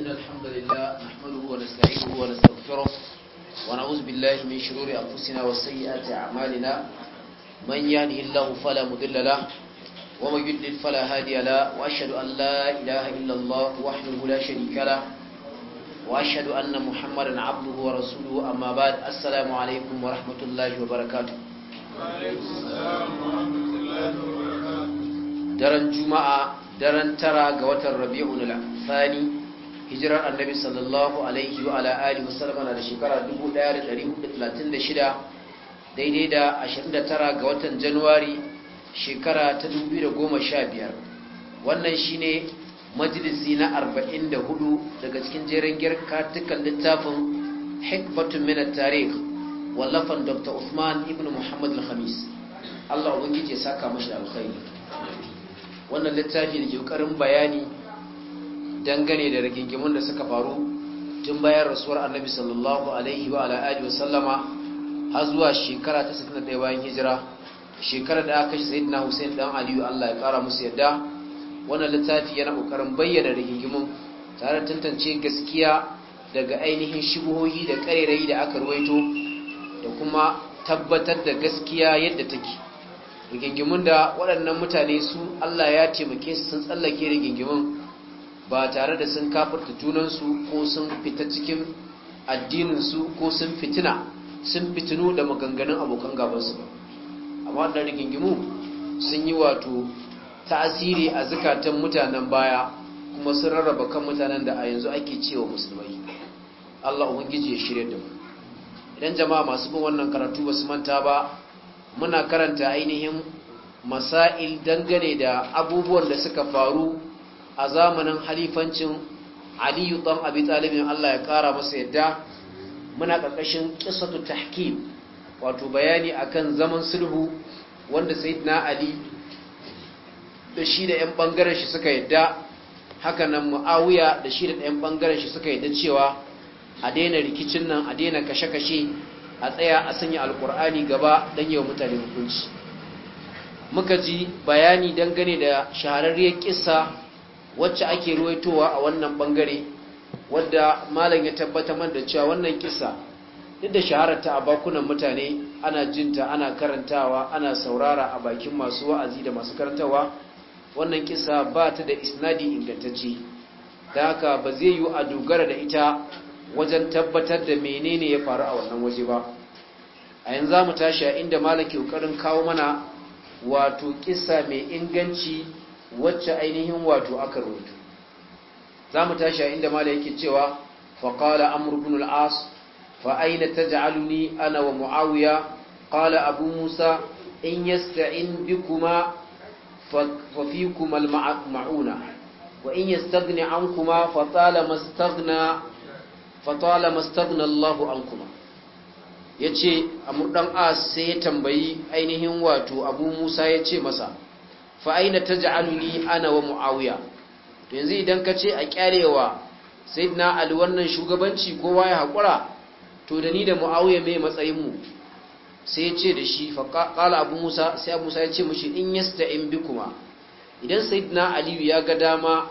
إن الحمد لله نحمده ونستعينه ونستغفره ونعوذ بالله من شرور أنفسنا وسيئات أعمالنا من يهده الله فلا مضل له ومن يضلل فلا هادي له وأشهد أن لا إله إلا الله وحده لا شريك له وأشهد أن محمدا عبده ورسوله أما بعد السلام عليكم ورحمة الله وبركاته وعليكم السلام ورحمة الله وبركاته daren juma'a daren tara ga watan rabi'ul thani hijirar annabi sallallahu alaihi wa ala alihi wasallam na da shekara 1436 daidai da 29 ga watan januwari shekara ta 2015 wannan shine majalisi na 44 daga cikin jerin girkatukan littafin hikmatun min at-tarikh wallafan dr Usman ibn Muhammad al-Khamis Allah ubangiji ya saka mashi alkhairi wannan littafi da ke bayani dangane da rigingimun da suka faru tun bayan rasuwar annabi sallallahu alaihi wa ala'adu wa sallama har zuwa shekara ta 61 bayan hijira shekarar da aka shi sai sayyidina Hussein dan Aliyu Allah ya kara musu yadda wannan littafi yana kokarin bayyana rigingimun tare tantance gaskiya daga ainihin shubuhohi da karerai da aka ruwaito da kuma tabbatar da gaskiya yadda take rigingimun da waɗannan mutane su Allah ya taimake su sun tsallake rigingimun ba tare da sun kafirta junansu ko sun fita cikin addininsu ko sun fitina sun fitinu da maganganun abokan gabansu ba amma da rigingimu sun yi wato tasiri a zukatan mutanen baya kuma sun rarraba kan mutanen da a yanzu ake cewa musulmai Allah ubangiji ya shirya da mu idan jama'a masu bin wannan karatu ba su manta ba muna karanta ainihin masail dangane da abubuwan da suka faru a zamanin halifancin aliyu ɗan abi talibin Allah ya ƙara masa yadda muna ƙarƙashin ƙisatu tahkim wato bayani akan zaman sulhu wanda sayyidina ali da shi da 'yan ɓangaren shi suka yadda haka nan mu'awiya da shi da 'yan ɓangaren shi suka yadda cewa a daina rikicin nan a daina kashe-kashe a tsaya a sanya Alƙur'ani gaba don yau mutane hukunci muka ji bayani dangane da shahararriyar ƙisa. wacce ake ruwaitowa a wannan bangare wadda malam ya tabbata man da cewa wannan kisa duk da shahararta a bakunan mutane ana jinta ana karantawa ana saurara a bakin masu wa'azi da masu karantawa wannan kisa ba ta da isnadi ingantacce da haka ba zai yiwu a dogara da ita wajen tabbatar da menene ya faru a wannan waje ba a yanzu za mu tashi a inda malam ke kawo mana wato kisa mai inganci wacce ainihin wato aka rubutu za mu tashi a inda mala yake cewa faƙala amurbin al'as fa'aina ta ja'aluni ana wa mu'awiya ƙala abu musa in yasta'in bi kuma fafi kuma ma'una wa in yastagni an kuma fatala mastagna allahu an kuma ya ce amurɗan as sai ya tambayi ainihin wato abu musa ya ce masa fa aina taj'aluni ana wa muawiya to yanzu idan ka ce a kyarewa sayyidina ali wannan shugabanci kowa ya hakura to da ni da muawiya me matsayin mu sai ya ce da shi fa qala abu musa sai abu musa ya ce mishi in bi bikuma idan sayyidina ali ya ga dama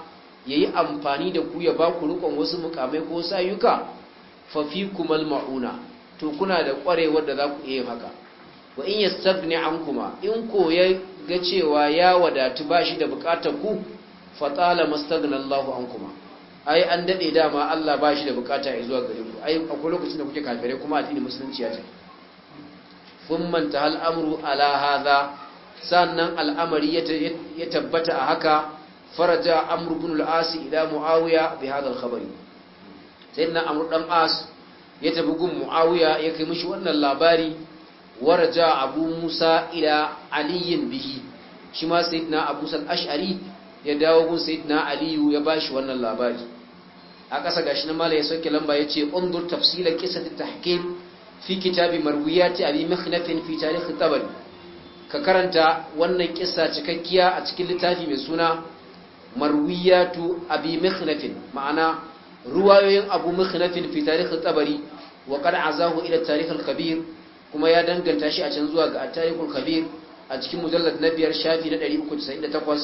yayi amfani da ku ya ba ku wasu mukamai ko sayuka fa fikum mauna to kuna da ƙwarewar da za ku iya haka wa in yastagni ankuma in ko ga cewa ya wadatu ba shi da bukatar ku fatala mastagnallahu an kuma ai an daɗe dama Allah ba shi da bukata ya zuwa gare ku ai akwai lokacin da kuke kafirai kuma tini musulunci ya ce kun manta al'amuru ala hadha sannan al'amari ya tabbata a haka faraja amru bin al'asi idan ila muawiya bi hadha al-khabari dan as ya tafi gun muawiya ya kai mishi wannan labari waraja abu musa ila aliyin bihi shi ma na abu sal ya dawo gun na aliyu ya bashi wannan labari a ƙasa gashi na mala ya sauke lamba ya ce undur tafsilan ta tahkim fi kitabi marwiyati abi fi tarikh tabari ka karanta wannan ƙisa cikakkiya a cikin littafi mai suna marwiyatu abi ma'ana ruwayoyin abu makhnafin fi tarikh tabari wa azahu ila tarikh kabir kuma ya danganta shi a can zuwa ga at kabir a cikin mujallad na biyar shafi na 398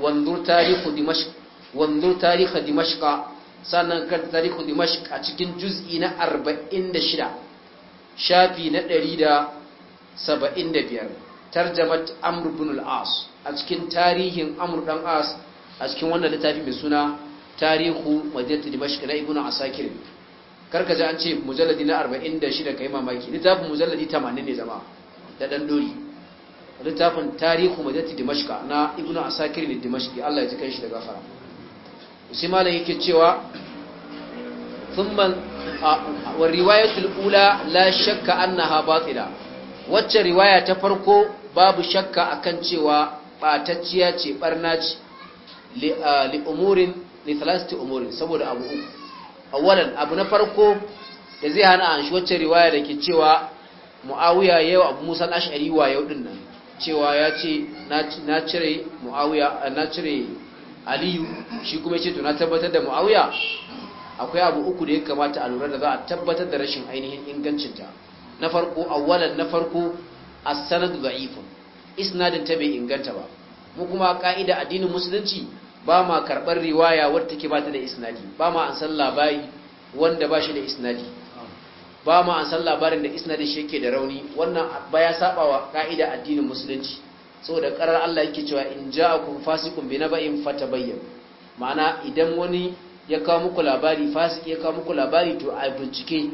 wanzur tarihu dimashq wanzur tarihu dimashq sannan kan tarihu dimashq a cikin juz'i na 46 shafi na 175 tarjamat amr ibn al-as a cikin tarihin amr dan as a cikin wannan littafi mai suna tarihu madinatu dimashq na ibnu asakir karka ji an ce mujalladi na 46 kai mamaki littafin mujalladi 80 ne zama da dan dori littafin tarihu madinati dimashqa na ibnu asakir ne dimashqi Allah ya ji kanshi da gafara sai malam yake cewa thumma wa riwayatul ula la shakka annaha batila wacce riwaya ta farko babu shakka akan cewa batacciya ce barna ce li umurin li thalathati umurin saboda abu uku awalan abu na farko da zai hana an shi wacce riwaya da ke cewa muawiya ya yi abu musa ash'ari wa yau din nan cewa ya ce na cire muawiya na cire aliyu shi kuma ce to na tabbatar da muawiya akwai abu uku da ya kamata a lura da za a tabbatar da rashin ainihin ingancinta na farko awalan na farko as-sanad da'ifun isnadin ta bai inganta ba mu kuma ka'ida addinin musulunci ba ma karɓar riwaya wadda take ba ta da isnadi ba ma an san labari wanda ba shi da isnadi ba ma an san labarin da isnadi shi yake da rauni wannan ba ya saba wa ka'ida addinin musulunci saboda karar Allah yake cewa in ja'akum fasiqun bi naba'in fatabayyan ma'ana idan wani ya kawo muku labari fasiki ya kawo muku labari to a bincike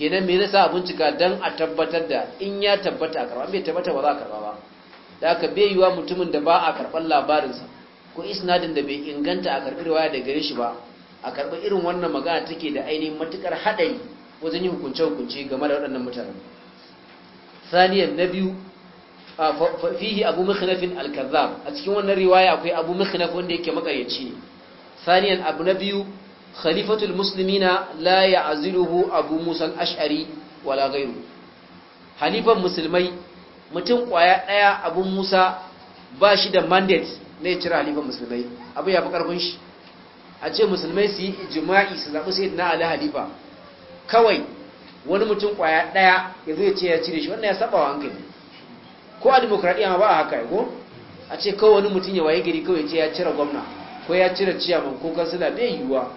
kenan me yasa a bincika dan a tabbatar da in ya tabbata a An bai tabbata ba za a karba ba da aka bai yiwa mutumin da ba a karban labarinsa ko isnadin da bai inganta a karɓi riwaya da gare shi ba a karɓi irin wannan magana take da ainihin matukar haɗari wajen yi hukunce-hukunce game da waɗannan mutane saniyan na biyu a fihi abu makhinafin al a cikin wannan riwaya akwai abu makhinaf wanda yake makayyaci ne saniyan abu na biyu khalifatul muslimina la ya'ziluhu abu musan ash'ari wala ghayru halifan musulmai mutum kwaya daya abu musa ba shi da mandate ne cira halifan musulmai abu ya fi karfin shi a ce musulmai su yi ijima'i su zaɓi sai na ali halifa kawai wani mutum kwaya ɗaya ya zo ya ce ya cire shi wannan ya saba wa hankali ko a demokradiyya ma ba a haka ko a ce kawai wani mutum ya waye gari kawai ce ya cire gwamna ko ya cire ciyaman ko kansila bai yiwuwa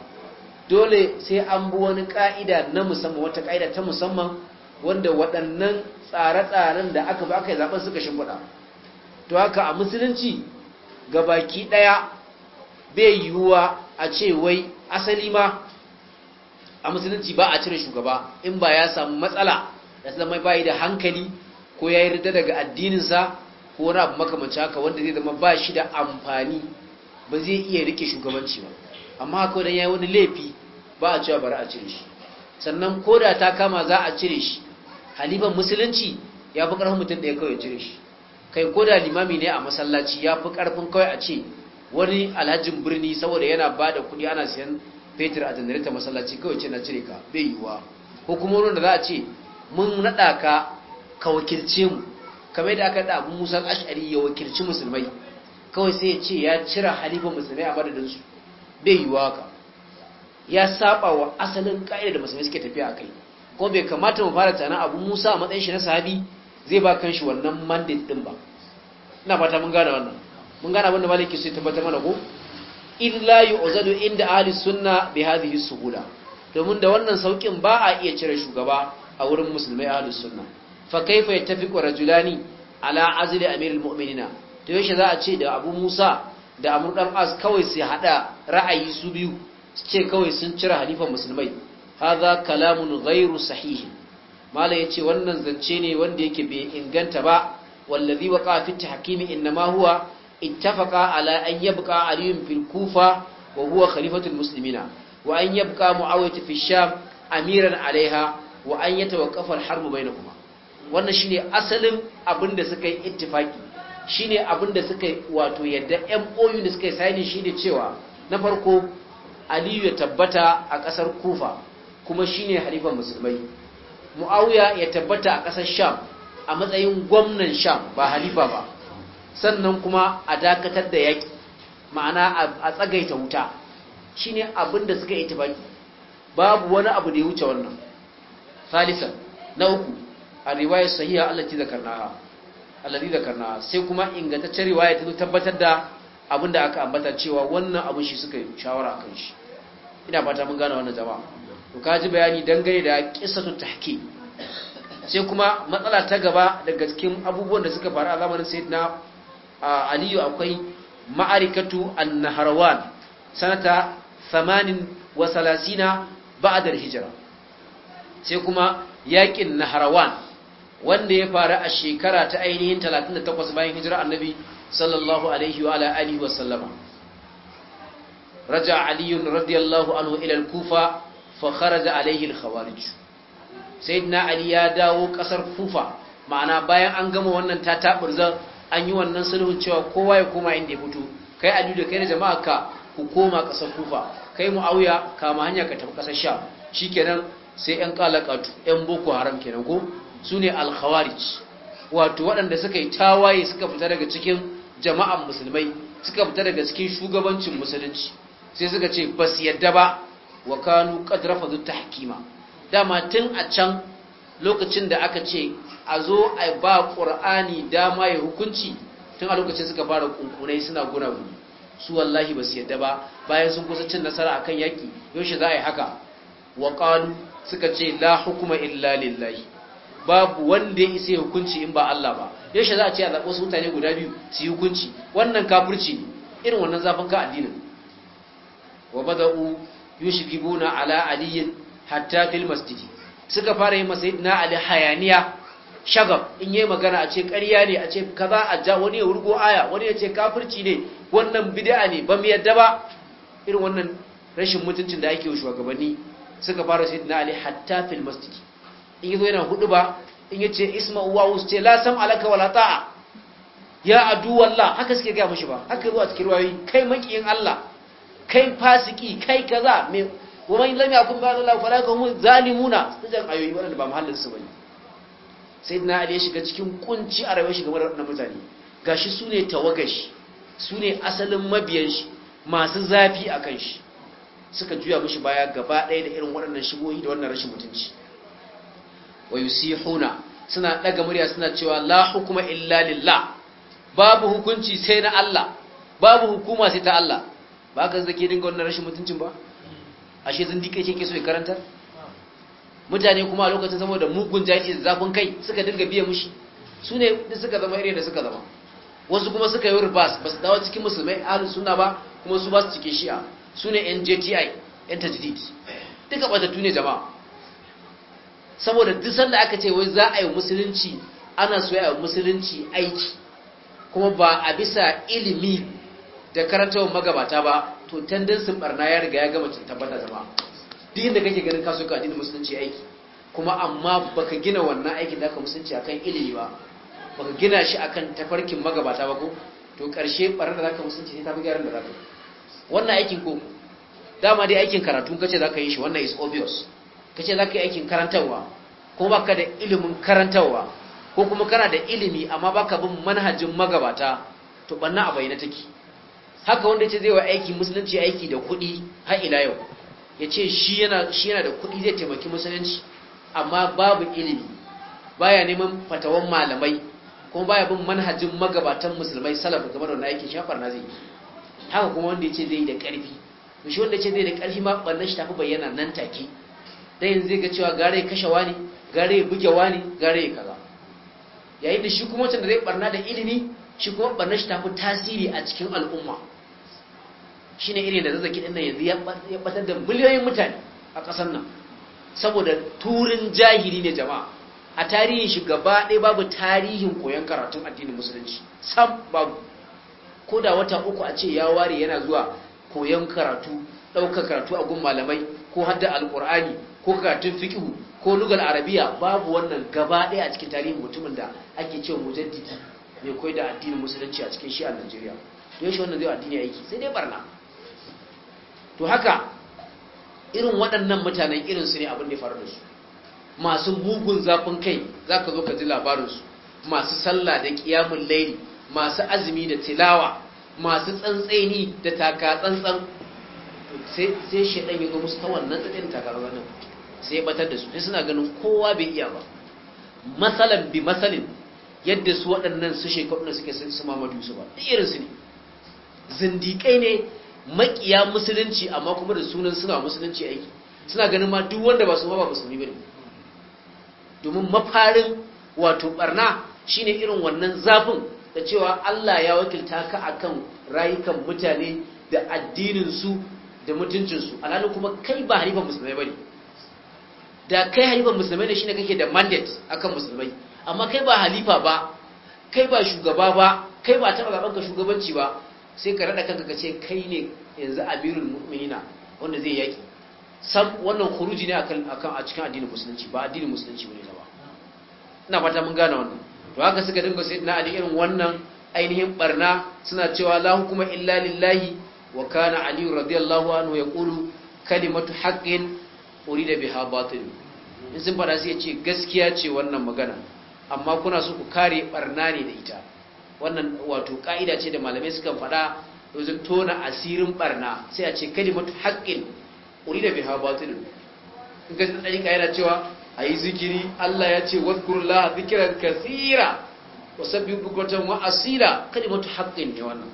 dole sai an bi wani ka'ida na musamman wata ka'ida ta musamman wanda waɗannan tsare-tsaren da aka ba aka yi zaɓen suka shimfiɗa to haka a musulunci Ga baki daya bai yiwuwa a ce wai asali ma a musulunci ba a cire shugaba in ba ya samu matsala ya zama yi da hankali ko ya yarda daga addininsa ko wani abu makamanci haka wanda zai zama ba shi da amfani ba zai iya rike shugabanci ba amma haka wani ya yi wani laifi ba a cewa bari a cire shi sannan da ta kama za a cire shi haliban musulunci ya fi ƙarfin mutum da ya kawai cire shi kai ko da limami ne a masallaci ya fi karfin kawai a ce wani alhajin birni saboda yana ba da kuɗi ana siyan fetur a janarita masallaci kawai ce na cire ka bai yiwuwa hukumomin da za a ce mun naɗa ka ka wakilce mu kamar da aka ɗabu musan ash'ari ya wakilci musulmai kawai sai ya ce ya cira halifan musulmai a madadinsu bai yiwuwa ka ya saba wa asalin ka'ida da musulmai suke tafiya a kai ko bai kamata mu fara tana abu musa a matsayin shi na sahabi zai ba kanshi wannan mandate din ba ina fata mun gane wannan mun gane abin da maliki sai tabbatar mana ko in la yu'zadu inda ahli sunna bi hadhihi suhula domin da wannan saukin ba a iya cire shugaba a wurin musulmai ahli sunna fa kaifa yattafiqu rajulani ala azli amirul mu'minina to yaushe za a ce da Abu Musa da Amr dan As kawai sai hada ra'ayi su biyu su ce kawai sun cire halifan musulmai hadha kalamun ghairu sahih ya yace wannan zance ne wanda yake bai inganta ba wallazi waqa fi tahkimi inma huwa ittafaqa ala an yabqa ali fil kufa wa huwa khalifatul muslimina wa an yabqa muawiyah amiran alaiha wa an yatawaqqafa al wannan shine asalin abinda suka yi ittifaki shine abinda suka wato yadda MOU da suka yi signing shine cewa na farko Aliyu ya tabbata a ƙasar Kufa kuma shine halifan musulmai Muawiya ya tabbata a ƙasar Sham a matsayin gwamnan sham ba halifa ba sannan kuma a dakatar da yaƙi ma'ana a tsagaita wuta shi abin da suka yi tabaki babu wani abu da ya wuce wannan salisan na uku a riwayar sahiha allati zakarnaha allati zakarnaha sai kuma ingantaccen riwaya ta tabbatar da abin da aka ambata cewa wannan abin shi suka yi shawara kan shi ina fata mun gane wannan jama'a to kaji bayani dangane da kisatu tahqiq sai kuma matsala ta gaba daga cikin abubuwan da suka faru a zamanin sayyidina aliyu akwai ma'arikatu an-nahrawan sanata 38 ba'da hijira sai kuma yakin naharwan wanda ya faru a shekara ta ainihin 38 bayan hijira annabi sallallahu alaihi wa alihi wa sallama raja aliyun radiyallahu anhu ila kufa fa kharaja alaihi sayyidina ali ya dawo kasar kufa ma'ana bayan an gama wannan tataburzar an yi wannan sulhun cewa kowa ya koma inda ya fito kai ali da kai da jama'a ka ku koma kasar kufa kai mu muawiya kama hanya ka tafi kasar sha kenan. sai yan kalakatu yan boko haram kenan ko sune al-khawarij wato waɗanda suka yi tawaye suka fita daga cikin jama'an musulmai suka fita daga cikin shugabancin musulunci sai suka ce bas yadda ba wa kanu qad rafadu tahkima dama tun a can lokacin da aka ce a zo a ba ƙur'ani dama ya hukunci tun a lokacin suka fara kunkunai suna guna-guni su wallahi ba su yadda ba bayan sun kusa cin nasara akan yaki yaushe za a yi haka wa ƙalu suka ce la hukuma illa lillahi babu wanda ya isa hukunci in ba Allah ba yaushe za a ce a zaɓi wasu mutane guda biyu su yi hukunci wannan kafirci ne irin wannan zafin ka addinin wa bada'u yushkibuna ala aliyin hatta fil masjidi suka fara yi masa na ali hayaniya shagab in yi magana a ce ƙarya ne a ce kaza a ja wani ya wurgo aya wani ya ce kafirci ne wannan bid'a ne ba mu yadda ba irin wannan rashin mutuncin da ake yi shugabanni suka fara na ali hatta fil masjid in yazo yana hudu ba in yace isma'u wa ce la sam alaka wala ta'a ya adu walla haka suke gaya mashi ba haka zuwa cikin ruwayi kai makiyin Allah kai fasiki kai kaza wa man lam yakun ba Allah fa la mun zalimuna sujan ayoyi wannan ba muhallin su bane sayyidina ali ya shiga cikin kunci a rayuwar shi game da mutane gashi sune tawagashi sune asalin mabiyan shi masu zafi akan shi suka juya mishi baya gaba ɗaya da irin waɗannan shigohi da wannan rashin mutunci wa yusihuna suna daga murya suna cewa la hukuma illa lillah babu hukunci sai na Allah babu hukuma sai ta Allah ba ka zake dinga wannan rashin mutuncin ba ashe zindiki ce ke so ya karantar mutane kuma a lokacin saboda mugun jaji da zafin kai suka dinga biya mushi su ne suka zama irin da suka zama wasu kuma suka yi rubas ba su dawo cikin musulmai ahlu suna ba kuma su ba su cikin shi'a su ne yan jti yan tajdid duka batattu ne jama'a saboda duk sanda aka ce wai za a yi musulunci ana so ya yi musulunci aiki kuma ba a bisa ilimi da karantawar magabata ba to tendensin barna ya riga ya gama cin tabbata zama duk inda kake ganin kasuwa suka musulunci aiki kuma amma baka gina wannan aikin da aka musulunci akan ilimi ba baka gina shi akan tafarkin magabata ba ko to karshe barna da zaka musulunci sai ta fi gyaran da zaka wannan aikin ko dama dai aikin karatu kace zaka yi shi wannan is obvious kace zaka yi aikin karantarwa kuma baka da ilimin karantarwa ko kuma kana da ilimi amma baka bin manhajin magabata to banna a bayyana take haka wanda ya ce zai wa aiki musulunci aiki da kuɗi har ila yau ya ce shi yana da kuɗi zai taimaki musulunci amma babu ilimi baya neman fatawan malamai kuma baya bin manhajin magabatan musulmai salaf game da wani aiki shafar na zai yi haka kuma wanda ya ce zai yi da ƙarfi shi wanda ya ce zai da ƙarfi ma ɓannan shi tafi bayyana nan take dan yanzu zai ga cewa gare ya kashe wani gare ya buge wani gare ya kaza yayin da shi kuma wancan da zai barna da ilimi shi kuma na shi tafi tasiri a cikin al'umma shi ne irin da zazzaki ɗin nan yanzu ya batar da miliyoyin mutane a ƙasar nan saboda turin jahili ne jama'a a tarihin shi gaba ɗaya babu tarihin koyon karatun addinin musulunci sam babu ko da wata uku a ce ya ware yana zuwa koyon karatu ɗaukar karatu a gun malamai ko hadda alƙur'ani ko karatun fiƙihu ko lugal arabiya babu wannan gaba ɗaya a cikin tarihin mutumin da ake cewa mujaddidi mai kwai da addinin musulunci a cikin shi a Najeriya to shi wannan zai addini aiki sai dai barna to haka irin waɗannan mutanen irin su ne abin da ya faru da su masu mugun zafin kai zaka zo ka ji labarin su masu sallah da qiyamul layli masu azumi da tilawa masu tsantseni da taka tsantsan sai ɗan yi ga musu ta wannan tsantsin taka nan, sai ya batar da su sai suna ganin kowa bai iya ba masalan bi masalin yadda su waɗannan su shekaru suke su mamadu su ba duk irin su ne zindiƙai ne makiya musulunci amma kuma da sunan suna musulunci aiki suna ganin ma duk wanda ba su ba musulmi ba ne domin mafarin wato ɓarna shine irin wannan zafin da cewa Allah ya wakilta ka akan rayukan mutane da addininsu da mutuncinsu alhalin kuma kai ba harifan musulmai ba ne da kai harifan musulmai ne shine kake da mandate akan musulmai amma kai ba halifa ba kai ba shugaba ba kai ba taɓa zaɓen ka shugabanci ba sai ka raɗa kanka ka ce kai ne yanzu amirul mu'minina wanda zai yaƙi sam wannan khuruji ne akan a cikin addinin musulunci ba addinin musulunci bane ba ina fata mun gane wannan to haka suka dinga sai na ali irin wannan ainihin barna suna cewa la hukuma illa lillahi wa kana ali radiyallahu anhu yaqulu kalimatu haqqin urida biha batil in sun fara sai ya ce gaskiya ce wannan magana amma kuna so ku kare barna ne da ita wannan wato ka'ida ce da malamai suka faɗa wajen tona asirin barna sai a ce kalimatu haqqin urida biha batil in ka tsari ka yana cewa ayi zikiri Allah ya ce wadkurullaha zikran kaseera wasabbihu bukratan wa asila kalimatu haqqin ne wannan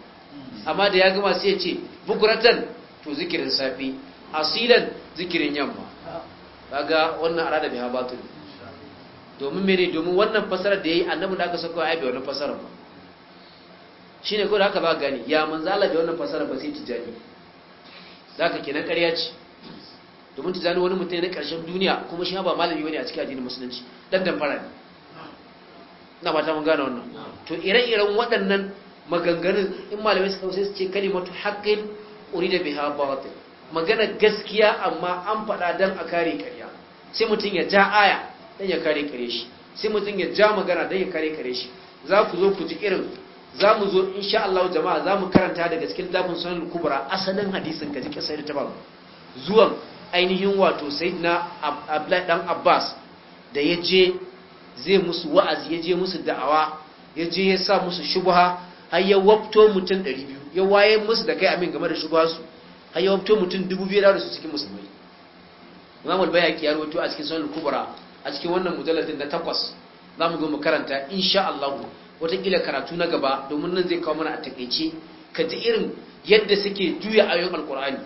amma da ya gama sai ya ce bukratan to zikirin safi asilan zikirin yamma kaga wannan arada biha batil domin mene domin wannan fasarar da ya yi annabin da aka sako ya bai wannan fasarar ba shi ne da aka ba gani ya manzala da wannan fasarar ba sai jani za ka kenan karya ce domin tijjani wani mutum na karshen duniya kuma shi ba malami wani a cikin addinin musulunci dan fara ne na ba ta mun gane wannan to ire-iren waɗannan maganganun in malamai suka sai su ce kalimatu haqqin urida biha batil magana gaskiya amma an faɗa dan a kare ƙarya sai mutum ya ja aya dan ya kare kare shi sai mutum ya ja magana dan ya kare kare shi za ku zo ku ji irin za mu zo insha Allah jama'a za mu karanta daga cikin dafin sunan kubra asalin hadisin ga cikin kisar ta babu zuwan ainihin wato sayyidina Abdullahi dan Abbas da ya je zai musu wa'azi ya je musu da'awa ya je ya sa musu shubha har ya wafto mutun 200 ya waye musu da kai amin game da shubha su har ya wafto mutum 2000 da su cikin musulmai Imam al-Bayhaqi ya rawaito a cikin sunan kubra a cikin wannan mujalladin na takwas za mu zo mu karanta insha Allah watakila karatu na gaba domin nan zai kawo mana a takaice ka ji irin yadda suke juya ayoyin alkur'ani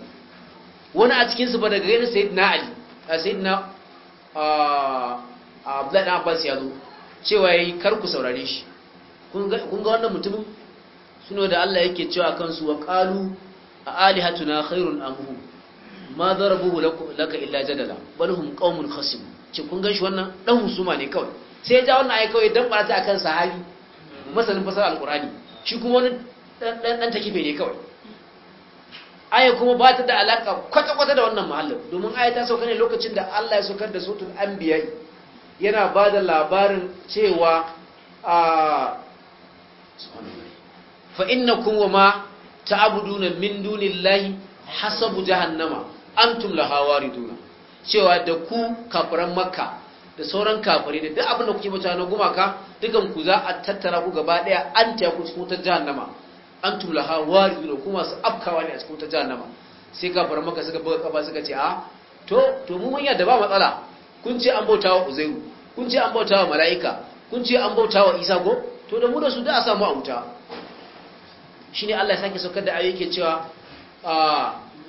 wani a cikinsu ba daga ganin na ali a na abdullahi na abbas ya zo cewa ya kar ku saurare shi kun ga wannan mutumin suno da Allah yake cewa kansu wa kalu a Ali hatuna khairun amuhu ma darabuhu laka illa jadala bal hum qaumun khasimun ce kun gan shi wannan dan husuma ne kawai sai ya ja wannan ayi kawai dan bata akan sahabi masanin fasar alqurani shi kuma wani dan takife ne kawai aya kuma ba ta da alaka kwata kwata da wannan mahallin domin aya ta sauka ne lokacin da Allah ya saukar da an anbiya yana ba da labarin cewa a fa innakum kuma ma ta'buduna min dunillahi hasabu jahannama antum laha cewa da ku kafiran makka da sauran kafari da duk abin da kuke bauta na gumaka dukan ku za a tattara ku gaba daya an taya ku cikin wutar jahannama an tulaha waridun ku masu afkawa ne a cikin wutar jahannama sai kafiran makka suka buga kafa suka ce a to to mu mun yadda ba matsala kun ce an bauta wa uzairu kun ce an bauta wa mala'ika kun ce an bauta wa isa ko to da mu da su da a samu a wuta shine Allah ya sake saukar da ayoyi ke cewa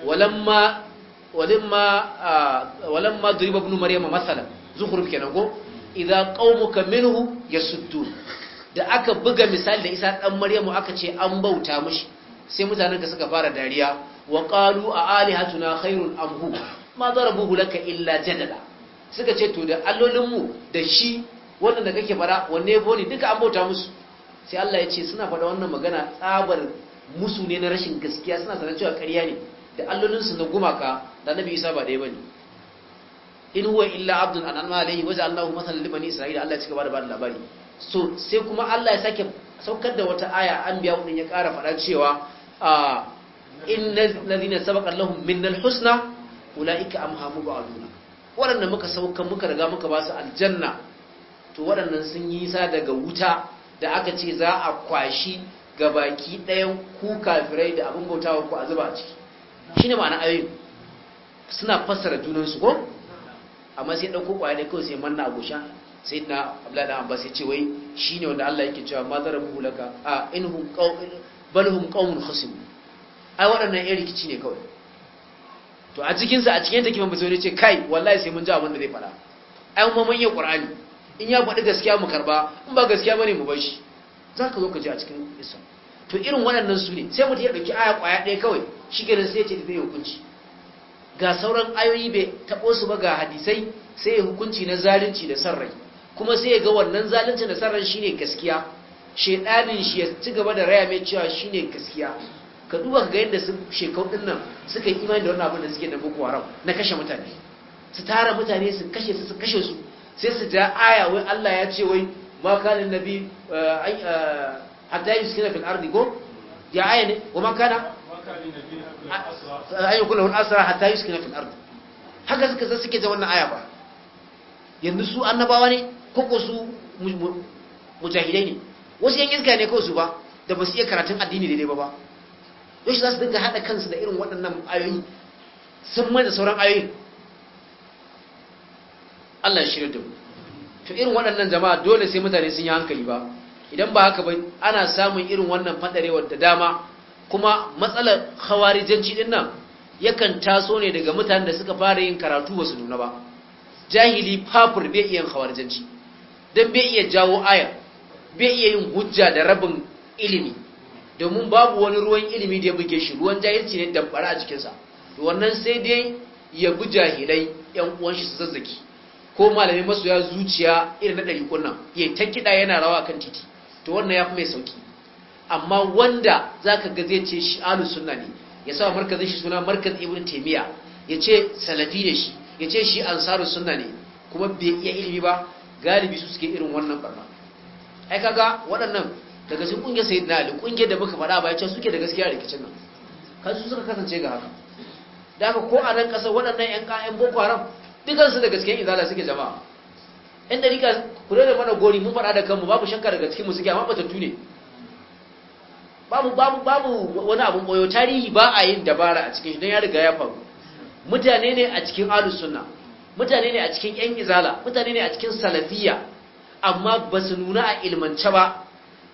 walamma walamma ah, walamma duriba ibn maryama masalan zuhruf kenan ko idza qaumuka minhu da aka buga misali da isa dan maryamu aka ce an bauta mishi sai mutanen ka suka fara dariya wa qalu a alihatuna khairun kairun ma darabuhu laka illa jadala suka ce to da allolinmu da shi wannan da kake fara wanne ne duka an bauta musu sai Allah ya ce suna faɗa wannan magana tsabar musu ne na rashin gaskiya suna sanar cewa ƙarya ne da allolinsu na gumaka da nabi isa ba daya ba in huwa illa abdun an anma alaihi waje allahu masal libani isra'ila allah ya cika ba da bada labari so sai kuma allah ya sake saukar da wata aya an biya wadin ya kara faɗa cewa in lazina sabaqan lahum minnal husna ulaika amhamu ba'aduna waɗanda muka saukan muka riga muka ba su aljanna to waɗannan sun yi sa daga wuta da aka ce za a kwashi ga baki ɗayan ku kafirai da abin bautawa ku a zuba ciki ne ma'ana ayoyin suna fassara junansu ko amma sai ɗauko ƙwaya ne kawai sai manna agusha sai na abla da ambas sai ce wai shine wanda Allah yake cewa mazara zara a inhum qawmin balhum qawmun khasim ai waɗannan yan rikici ne kawai to a cikin sa a cikin take mun zaune ce kai wallahi sai mun ji abin da zai fara ai mun manye qur'ani in ya faɗi gaskiya mu karba in ba gaskiya bane mu bar shi zaka zo ka ji a cikin isa to irin waɗannan su ne sai mutum ya ɗauki aya ƙwaya ɗaya kawai shi ganin sai ya ce zai hukunci ga sauran ayoyi bai taɓo su ba ga hadisai sai ya hukunci na zalunci da san rai kuma sai ya ga wannan zalunci da san rai ne gaskiya shaidanin shi ya ci gaba da raya mai cewa shi ne gaskiya ka duba ga yadda su shekau ɗin nan suka yi imani da wannan abin da suke da boko haram na kashe mutane su tara mutane su kashe su su kashe su sai su ja aya wai Allah ya ce wai ma nabi eh, eh, hatta yuskina fil ardi go ya aya ne wa man kana ayyukan kullu asra hatta yuskina fil ardi haka suka san suke da wannan aya ba yanzu su annabawa ne ko ko su ne wasu yan iska ne kawai su ba da ba su iya karatun addini daidai ba ba yau za su dinga haɗa kansu da irin waɗannan ayoyi sun mai sauran ayoyi Allah ya shirya da mu to irin waɗannan jama'a dole sai mutane sun yi hankali ba idan ba haka ba ana samun irin wannan fadarewar da dama kuma matsalar khawarijanci din nan yakan taso ne daga mutanen da suka fara yin karatu ba nuna ba jahili fafur bai iya khawarijanci don bai iya jawo aya bai iya yin hujja da rabin ilimi domin babu wani ruwan ilimi da ya buge shi ruwan jahilci ne damfara a cikinsa to wannan sai dai ya bi jahilai yan uwan shi su zazzaki ko malamai masoya zuciya irin na ɗari kunnan ya ta kiɗa yana rawa kan titi to wannan ya fi mai sauki amma wanda za ka ga zai ce shi alu suna ne ya sa markazin shi suna markaz ibn taimiyya ya ce salafi ne shi ya ce shi ansaru sunna ne kuma bai iya ilimi ba galibi su suke irin wannan barna ai kaga waɗannan daga sun kungiyar sayyid na ali kungiyar da muka faɗa bayan can suke da gaskiya rikicin nan kan su suka kasance ga haka da ko a nan ƙasar waɗannan 'yan ƙa'yan boko haram dukansu da gaskiyar izala suke jama'a yan dariƙa ku da mana gori mun faɗa da kanmu babu shakka daga cikin mu suke amma batattu ne babu babu babu wani abun boyo tarihi ba a yin dabara a cikin shi don ya riga ya faru mutane ne a cikin alusunna sunna mutane ne a cikin yan izala mutane ne a cikin salafiyya amma ba su nuna a ilmance ba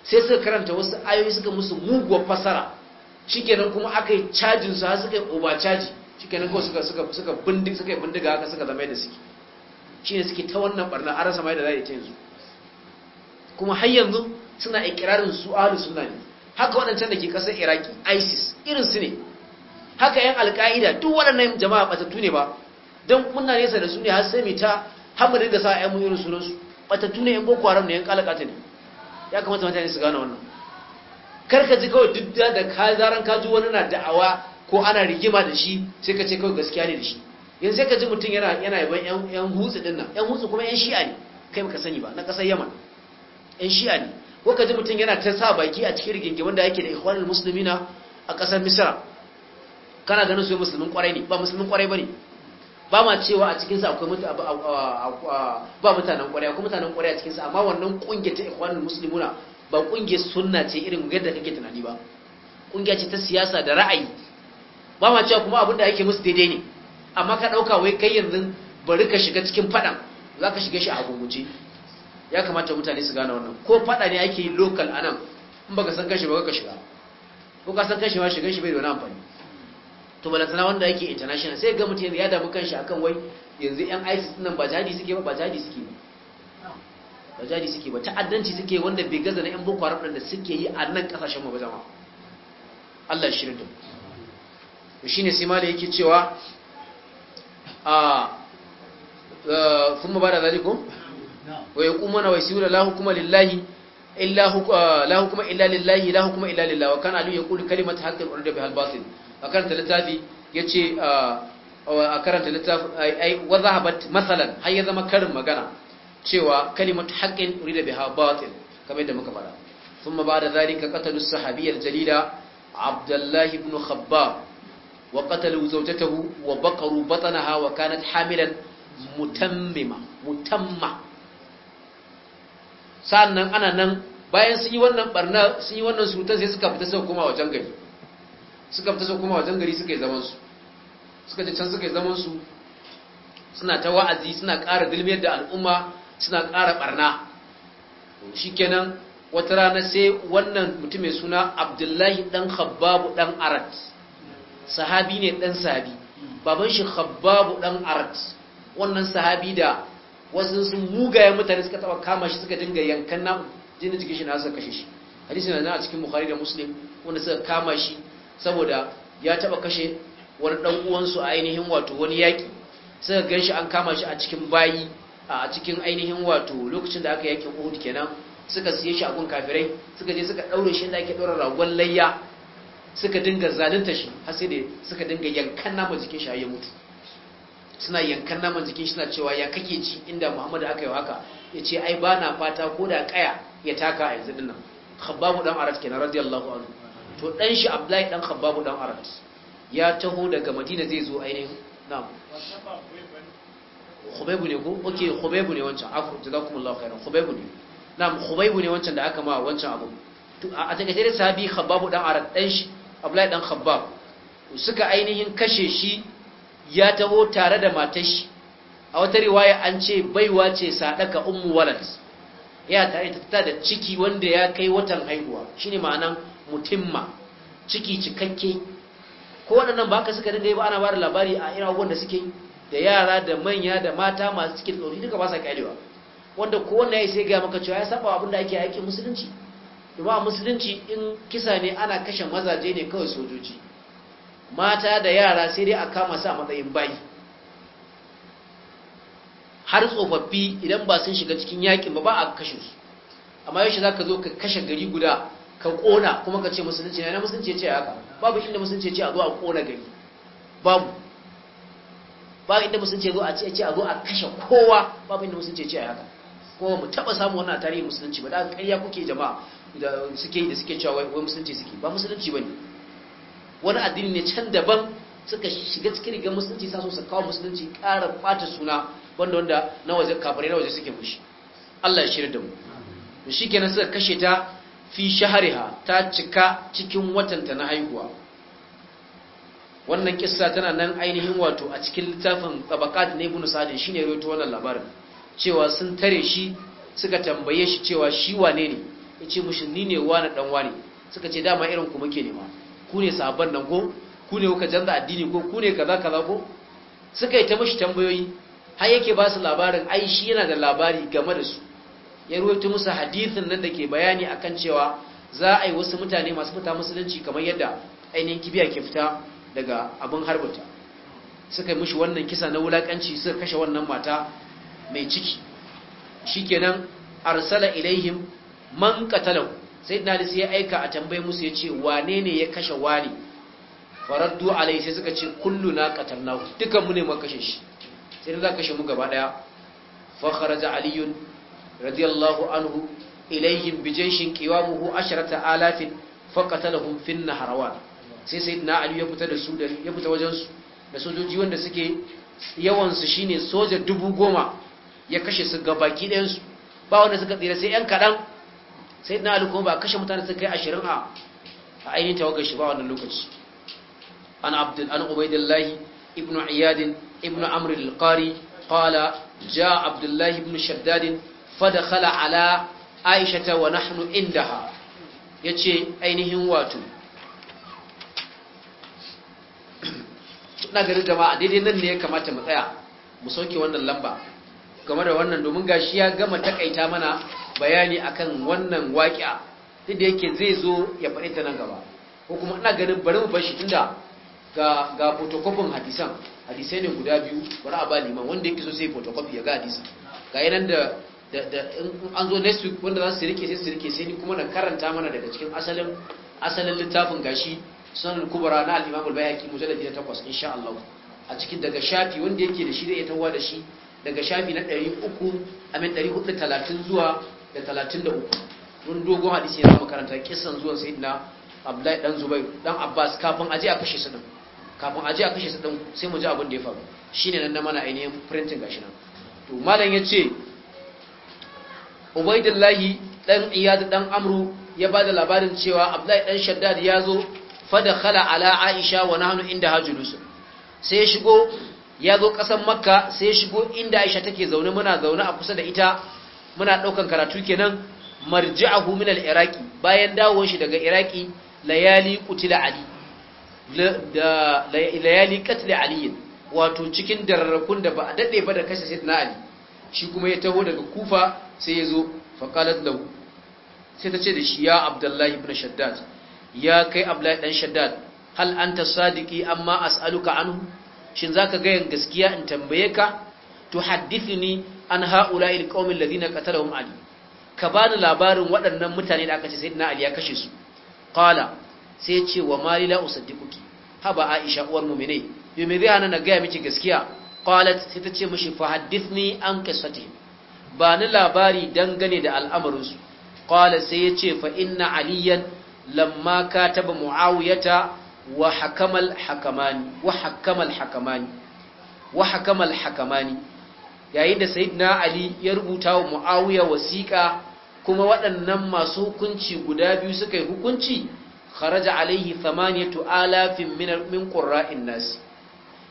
sai suka karanta wasu ayoyi suka musu muguwar fasara shikenan kuma aka yi cajin su har suka yi oba caji shikenan kawai suka suka suka bindiga haka suka zama da suke shine suke ta wannan barna a rasa mai da za a yanzu kuma har yanzu suna ikirarin su ahlus sunna ne haka waɗancan da ke ƙasar iraki isis irin su ne haka yan alka'ida duk waɗannan jama'a batattu ne ba don kunna nesa da su ne har sai mai ta hamar dinga sa ayyukan irin sunansu batattu ne yan boko haram ne yan kalakata ne ya kamata mutane su gane wannan karka ji kawai duk da ka zaran ka ji wani na da'awa ko ana rigima da shi sai ka ce kawai gaskiya ne da shi yanzu ka ji mutum yana yana yaban yan hutsu din nan yan hutsu kuma yan shi'a ne kai baka sani ba na kasar yaman yan shi'a ne ko ka ji mutum yana ta sa baki a cikin rigingimin da yake da ikhwanul muslimina a kasar misra kana ganin su musulmin kwarai ne ba musulmin kwarai bane ba ma cewa a cikin sa akwai mutu ba mutanen kwarai akwai mutanen kwarai a cikin sa amma wannan kungiyar ta ikhwanul muslimuna ba kungiyar sunna ce irin yadda kake tunani ba kungiya ce ta siyasa da ra'ayi ba ma cewa kuma abin da yake musu daidai ne amma ka ɗauka wai kai yanzu bari ka shiga cikin faɗan za ka shige shi a gumuce ya kamata mutane su gane wannan ko faɗa ne ake yi lokal anan in baka san kashi ba ka shiga ko ka san kashi ba shigan shi bai da wani amfani to balantana wanda yake international sai ga mutum ya damu kanshi akan wai yanzu yan isis nan ba jadi suke ba ba jadi suke ba ba jadi suke ba ta'addanci suke wanda bai gaza na yan boko haram da suke yi a nan kasashen mu ba jama'a Allah shirin da shine sai malai yake cewa a kuma ba da zalikun kuma na da lahukuma lillahi lahukuma lahukuma wa aliyu ya kuli kalimata haƙƙin a karanta littafi ya ce a karanta littafi har ya zama karin magana cewa kalimatu haƙƙin urdu bi halbatin kamar yadda muka faɗa ثم بعد ذلك قتل wa زوجته zawjatahu wa وكانت حاملا wa kanat hamilan mutammima sannan ana nan bayan sun yi wannan barna sun yi wannan surutan sai suka fita suka koma wajen gari suka fita suka koma wajen gari suka yi zaman su suka je can suka yi zaman su suna ta wa'azi suna ƙara gilmiyar da al'umma suna ƙara barna shikenan wata rana sai wannan mutum mai suna Abdullahi dan Khabbab dan Arat sahabi ne dan sahabi baban shi khabbabu dan art wannan sahabi da wasu sun mugaye mutane suka taba kama shi suka dinga yankan na jinin jikin shi na suka kashe shi hadisi na a cikin bukhari da muslim wanda suka kama shi saboda ya taba kashe wani dan uwansu a ainihin wato wani yaki suka ganshi an kama shi a cikin bayi a cikin ainihin wato lokacin da aka yakin Uhud kenan suka siye shi a gun kafirai suka je suka daure shi da ake daura ragon layya suka dinga zalunta shi har sai da suka dinga yankan naman jikin shi ya mutu suna yankan naman jikin shi suna cewa ya kake ci inda Muhammad aka yi haka ya ce ai ba na fata ko da kaya ya taka a yanzu dinnan khabbabu dan arat kenan radiyallahu anhu to dan shi Abdullahi dan khabbabu dan arat ya taho daga Madina zai zo ainihin na'am Khubaybu ne ko oke Khubaybu ne wancan afu jazakumullahu khairan Khubaybu ne na'am Khubaybu ne wancan da aka ma wancan abu to a take sai sahabi khabbabu dan arat dan shi abdullahi dan khabbab suka ainihin kashe shi ya taho tare da matashi a wata riwaya an ce baiwa ce sadaka ummu walad ya tare ta da ciki wanda ya kai watan haihuwa shine ma'anan mutimma ciki cikakke ko waɗannan ba ka suka dinga yi ba ana ba da labari a irin abubuwan da suke da yara da manya da mata masu cikin tsoro duka ba sa kyalewa wanda ko wanda ya sai ga maka cewa ya saba abin da ake aikin musulunci kuma musulunci in kisa ne ana kashe mazaje ne kawai sojoji mata da yara sai dai a kama su a matsayin bayi har tsofaffi idan ba sun shiga cikin yakin ba ba a kashe su amma yaushe za ka zo ka kashe gari guda ka kona kuma ka ce musulunci na musulunci ce haka babu inda musulunci ce a zo a kona gari babu babu inda musulunci zo a ce a zo a kashe kowa babu inda musulunci ce haka kuma mu taba samu wannan tarihi musulunci ba da ƙarya kuke jama'a da suke da suke cewa wai musulunci suke ba musulunci bane wani addini ne can daban suka shiga cikin rigar musulunci sa so su kawo musulunci ƙara ɓata suna wanda wanda na waje kafare na waje suke mushi Allah ya shirya da mu to shikenan suka kashe ta fi shahariha ta cika cikin watanta na haihuwa wannan kissa tana nan ainihin wato a cikin littafin tabaqat ne ibn sa'd shine rawaito wannan labarin cewa sun tare shi suka tambaye shi cewa shi wane ne ya ce mushi ni ne wani dan wani suka ce dama irin ku muke nema ku ne sabon nan ko ku ne kuka canza addini ko ku ne kaza kaza ko suka yi ta mushi tambayoyi har yake ba su labarin ai shi yana da labari game da su ya ruwaito musu hadithin nan da ke bayani akan cewa za a yi wasu mutane masu fita musulunci kamar yadda ainihin kibiya ke fita daga abin harbata suka yi mushi wannan kisa na wulakanci suka kashe wannan mata mai ciki shikenan arsala ilaihim man katalau sai ali sai ya aika a tambaye musu ce wane ne ya kashe wani faraddu alai sai suka ce na qatalnahu dukan mu ne mu kashe shi sai da kashe mu gaba daya fa kharaja aliyun radiyallahu anhu ilayhim bi jayshin qiwamuhu asharata alafin fa qatalahum fin nahrawan sai sayyidina ali ya fita da su da ya fita wajen su da sojoji wanda suke yawan su shine soja dubu goma ya kashe su gabaki ɗayan su ba wanda suka tsira sai yan kadan sai na alikun ba kashe mutane sun kai ashirin a ainihin tawagar shi ba wannan lokaci an abdul an ubaidillahi ibn iyadin ibn amr al-qari qala ja abdullahi ibn shaddad fadakhala ala Aishata, wa nahnu indaha yace ainihin wato na garin jama'a daidai nan ne ya kamata mu tsaya mu sauke wannan lamba game da wannan domin gashi ya gama takaita mana bayani akan wannan waƙiya duk yake zai zo ya faɗi ta nan gaba ko kuma ina ganin bari mu bashi tunda ga ga photocopying hadisan hadisai ne guda biyu bari a ba liman wanda yake so sai photocopy ya ga hadisi ga yanan da da an zo next week wanda za su rike sai su rike sai ni kuma na karanta mana daga cikin asalin asalin littafin gashi sunan kubra na al-imam al-bayhaqi mujallad 8 insha Allah a cikin daga shafi wanda yake da shi da ya tawa da shi daga shafi na 300 amin 430 zuwa da talatin da uku mun dogon hadisi na makaranta karanta kisan zuwan sayidina abdullahi dan zubair dan abbas kafin aje a kashe su din kafin aje a kashe su din sai mu ji abin da ya faru shine nan na mana ainihin printing gashi nan to malam yace ubaidullahi dan iyad dan amru ya bada labarin cewa abdullahi dan shaddad ya zo fadakhala ala aisha wa nahnu inda hajulus sai ya shigo ya zo kasan makka sai ya shigo inda aisha take zaune muna zaune a kusa da ita muna ɗaukan karatu kenan marji'ahu min al-iraqi bayan dawo shi daga iraqi layali qutila ali da layali qatl ali wato cikin dararrakun da ba a dade ba da kashe sayyidina ali shi kuma ya taho daga kufa sai ya zo qalat lahu sai ta ce da shi ya abdullahi ibn shaddad ya kai abdullahi dan shaddad hal anta sadiqi amma as'aluka anhu shin zaka ga yan gaskiya in tambaye ka tuhaddithuni an ha'ula'il qaumil ladina qatalahum ali ka bani labarin waɗannan mutane da aka ce sayyidina ali ya kashe su qala sai ce wa mali la usaddiquki haba aisha uwar mu'minai me zai hana na gaya miki gaskiya qalat sai ta ce mishi fa an qissatihim ba labari dangane da al'amarin su qala sai ya ce fa inna aliyan lamma kataba muawiyata wa hakamal hakamani wa hakamani wa hakamani yayin da sayyidina ali ya rubuta wa muawiya wasiqa kuma waɗannan masu hukunci guda biyu suka yi hukunci kharaja alaihi thamaniyatu alafin min min qurra'in nas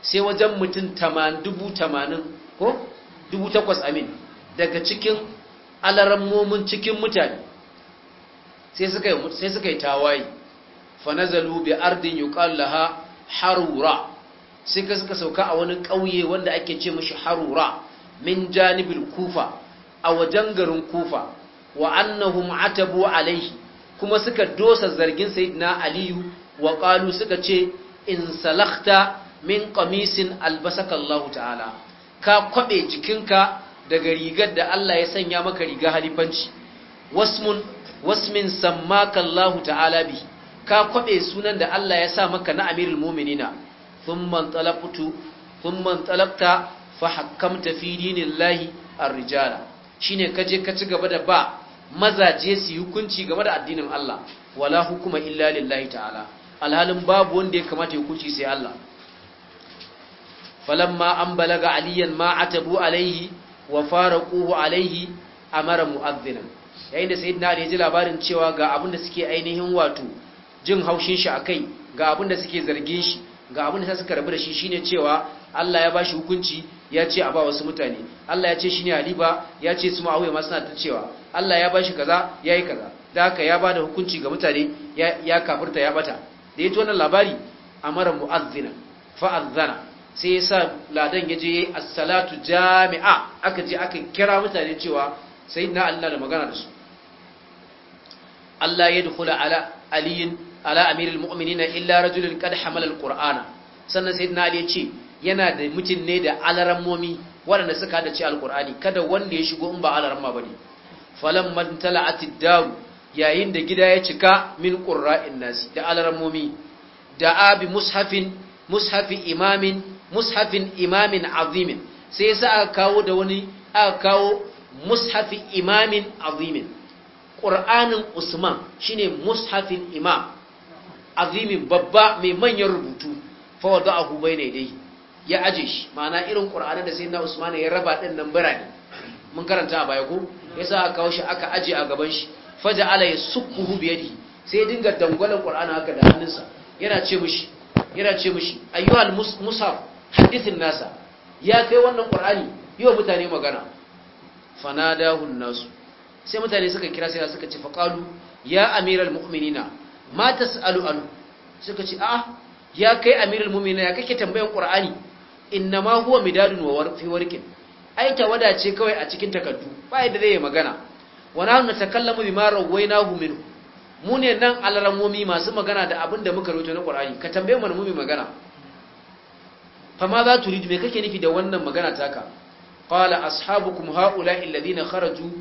sai wajen mutum 80,000 ko 8,000 amin daga cikin alarammomin cikin mutane sai suka yi sai suka yi tawayi fa nazalu bi ardin yuqal laha harura sai suka sauka a wani ƙauye wanda ake ce mishi harura min janibin kufa a wajen garin kufa wa annahum atabu alaihi kuma suka dosa zargin sayyidina aliyu wa qalu suka ce in salakhta min qamisin albasaka Allah ta'ala ka kwabe jikinka daga rigar da Allah ya sanya maka riga halifanci wasmun wasmin sammaka Allah ta'ala bi ka kwabe sunan da Allah ya sa maka na amirul mu'minina thumma talaqtu thumma talaqta fa hakamta fi dinillahi ar-rijala shine kaje ka ci gaba da ba mazaje su hukunci game da addinin Allah wala hukuma illa lillahi ta'ala alhalin babu wanda ya kamata ya hukunci sai Allah falamma an balaga aliyan ma atabu alaihi wa faraquhu alaihi amara muadhdhin yayin da sayyidina ali ya ji labarin cewa ga abinda suke ainihin wato jin haushin shi akai ga abinda suke zargin shi ga abin da suka rabu da shi shine cewa Allah ya bashi hukunci ya ce a ba wasu mutane Allah ya ce shine Aliba ya ce su Muawiya ma suna ta cewa Allah ya bashi kaza yayi kaza da haka ya bada hukunci ga mutane ya kafirta ya bata da yato wannan labari amara muazzina azzana sai ya sa ladan ya je as-salatu jami'a aka je aka kira mutane cewa sayyidina Allah da magana da su Allah ya dukhula ala aliyin ala amirul mu'minina illa rajulun qad hamala alqur'ana sannan sayyidina ali ya yana da mutum ne da alarammomi waɗanda suka da ce alqur'ani kada wanda ya shigo in ba alaramma bane falam man tala'atid daru yayin da gida ya cika min qurra'in nasi da alarammomi da abi mushafin mushafi imamin mushafin imamin azimin sai sa aka kawo da wani aka kawo mushafi imamin azimin ƙur'anin usman shine mushafin imam azimin babba mai manyan rubutu fa wada ahu bai ne ya aje shi ma'ana irin qur'anin da sai na usman ya raba din nan birane mun karanta a baya ko yasa aka kawo shi aka aje a gaban shi Faja faja'ala yasukkuhu bi yadi, sai dinga dangwalan qur'ani haka da hannunsa yana ce mishi yana ce mishi ayyuhal musaf hadithin nasa ya kai wannan qur'ani yiwa mutane magana fanadahu nasu sai mutane suka kira sai suka ce faqalu ya amiral mu'minina ma tas'alu alu suka ce a ya kai amirul mu'minin ya kake tambayan qur'ani ma huwa midadun wa fi warqin ai wada ce kawai a cikin takaddu ba yadda zai magana wa nahnu natakallamu bima na minhu mu ne nan alaramomi masu magana da abin da muka rubuta na qur'ani ka tambaye mu mu magana fa ma za turid me kake nufi da wannan magana taka qala ashabukum haula'i alladhina kharaju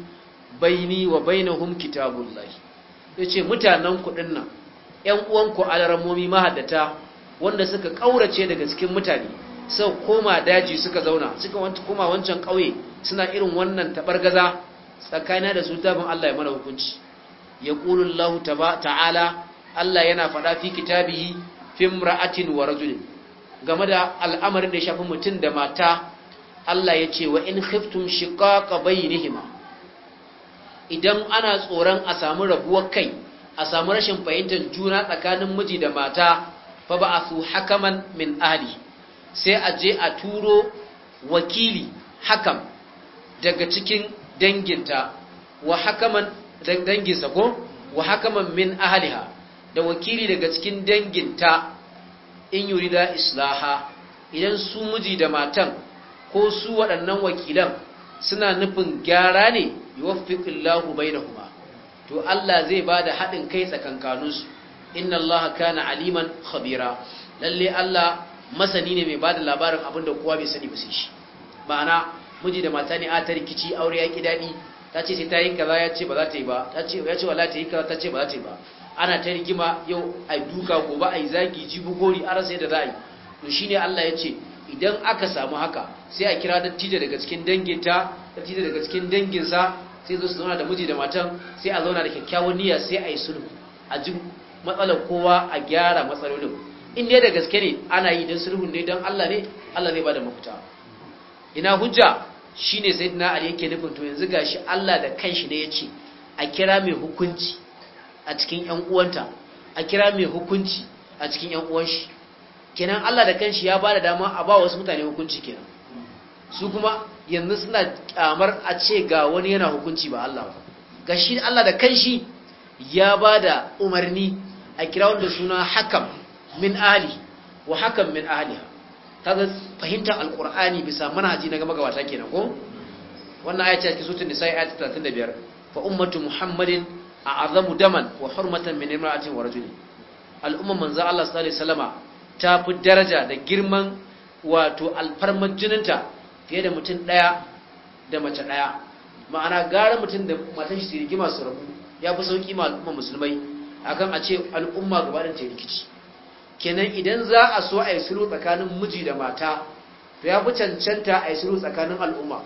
baini wa bainahum kitabullahi ya ce mutanen kuɗin nan ‘yan uwanku alaramomi mahadata wanda suka ƙaurace daga cikin mutane sau koma daji suka zauna suka koma wancan ƙauye suna irin wannan tabar taɓar-gaza. tsakanin da su Allah ya mana hukunci ya Lahu ta'ala Allah yana faɗa fi kitabihi fim ra'atin wa rajulin game da al'amarin da ya shafi mutum da mata Allah ya ce wa in khiftum shiqaqa bainihima idan ana tsoron a samu rabuwar kai a samu rashin fahimtar juna tsakanin miji da mata fa ba a su hakaman min ahli sai a je a turo wakili hakam daga cikin danginta wa hakaman danginsa ko wa hakaman min ahliha da wakili daga cikin danginta in yurida islaha idan su miji da matan ko su waɗannan wakilan suna nufin gyara ne yuwaffiqillahu bainahuma to Allah zai bada hadin kai tsakankaninsu inna Allah kana aliman khabira lalle Allah masani ne mai bada labarin abinda kowa bai sani ba sai shi ma'ana miji da mata ne a ta rikici aure ya dadi ta ce sai ta yi kaza ya ce ba za ta yi ba ta ce ya ce wallahi ta yi kaza ta ce ba za ta yi ba ana ta rigima yau ai duka gobe yi zagi jibu gori ara sai da za a yi to shine Allah ya ce idan aka samu haka sai a kira dattijo daga cikin danginta dattijo daga cikin danginsa sai zo su zauna da miji da matan sai a zauna da kyakkyawan niyya sai a yi sulhu a ji matsalar kowa a gyara matsalolin in dai da gaske ne ana yi don sulhu ne don Allah ne Allah zai bada mafita ina hujja shine sayyidina ali yake nufin to yanzu gashi Allah da kanshi ne yace a kira mai hukunci a cikin ƴan uwanta a kira mai hukunci a cikin ƴan uwan shi kenan Allah da kanshi ya bada dama a ba wasu mutane hukunci kenan su kuma yanzu suna kyamar a ce ga wani yana hukunci ba Allah ba ga shi Allah da kanshi ya ba da umarni a kira wanda suna hakam min ali wa hakam min Ta ga fahimtar alkur'ani bisa manhaji na gama gabata kenan ko wannan a cikin sutun nisa ayat 35 fa ummatu muhammadin a a'azamu daman wa hurmatan min imra'atin wa rajulin al'umman manzo Allah sallallahu alaihi wasallama ta fi daraja da girman wato alfarmar jininta fiye da mutum ɗaya da mace ɗaya ma'ana gara mutum da matan shi rigima su rabu ya fi sauƙi ma al'umma musulmai akan a ce al'umma gaba da ta rikici kenan idan za a so a yi sulhu tsakanin miji da mata to ya fi cancanta a yi sulhu tsakanin al'umma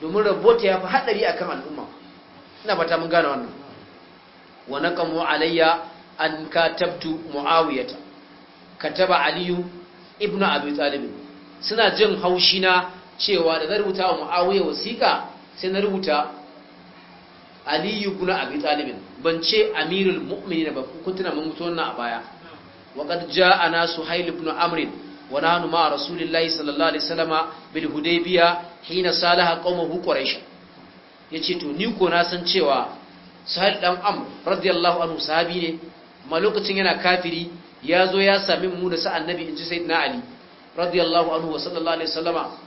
domin rabota ya fi haɗari akan al'umma ina fata mun gane wannan wa naqamu alayya an katabtu muawiyata kataba aliyu ibnu abi talib suna jin haushi na cewa da na rubuta wa mu'awiyar wasiƙa sai na rubuta aliyu guna abi talibin ban ce amirul mu'mini na kun tuna mun mutu wannan a baya Waƙar wa qad ja'ana suhayl ibn amr wa nahnu ma rasulillahi sallallahu alaihi wasallama bil hudaybiya hina salaha qawmuhu Ya ce to ni ko na san cewa suhayl ɗan am, radiyallahu anhu sahabi ne ma lokacin yana kafiri ya zo ya sami mu da sa'an Nabi in inji sayyidina ali radiyallahu anhu wa sallallahu alaihi wasallama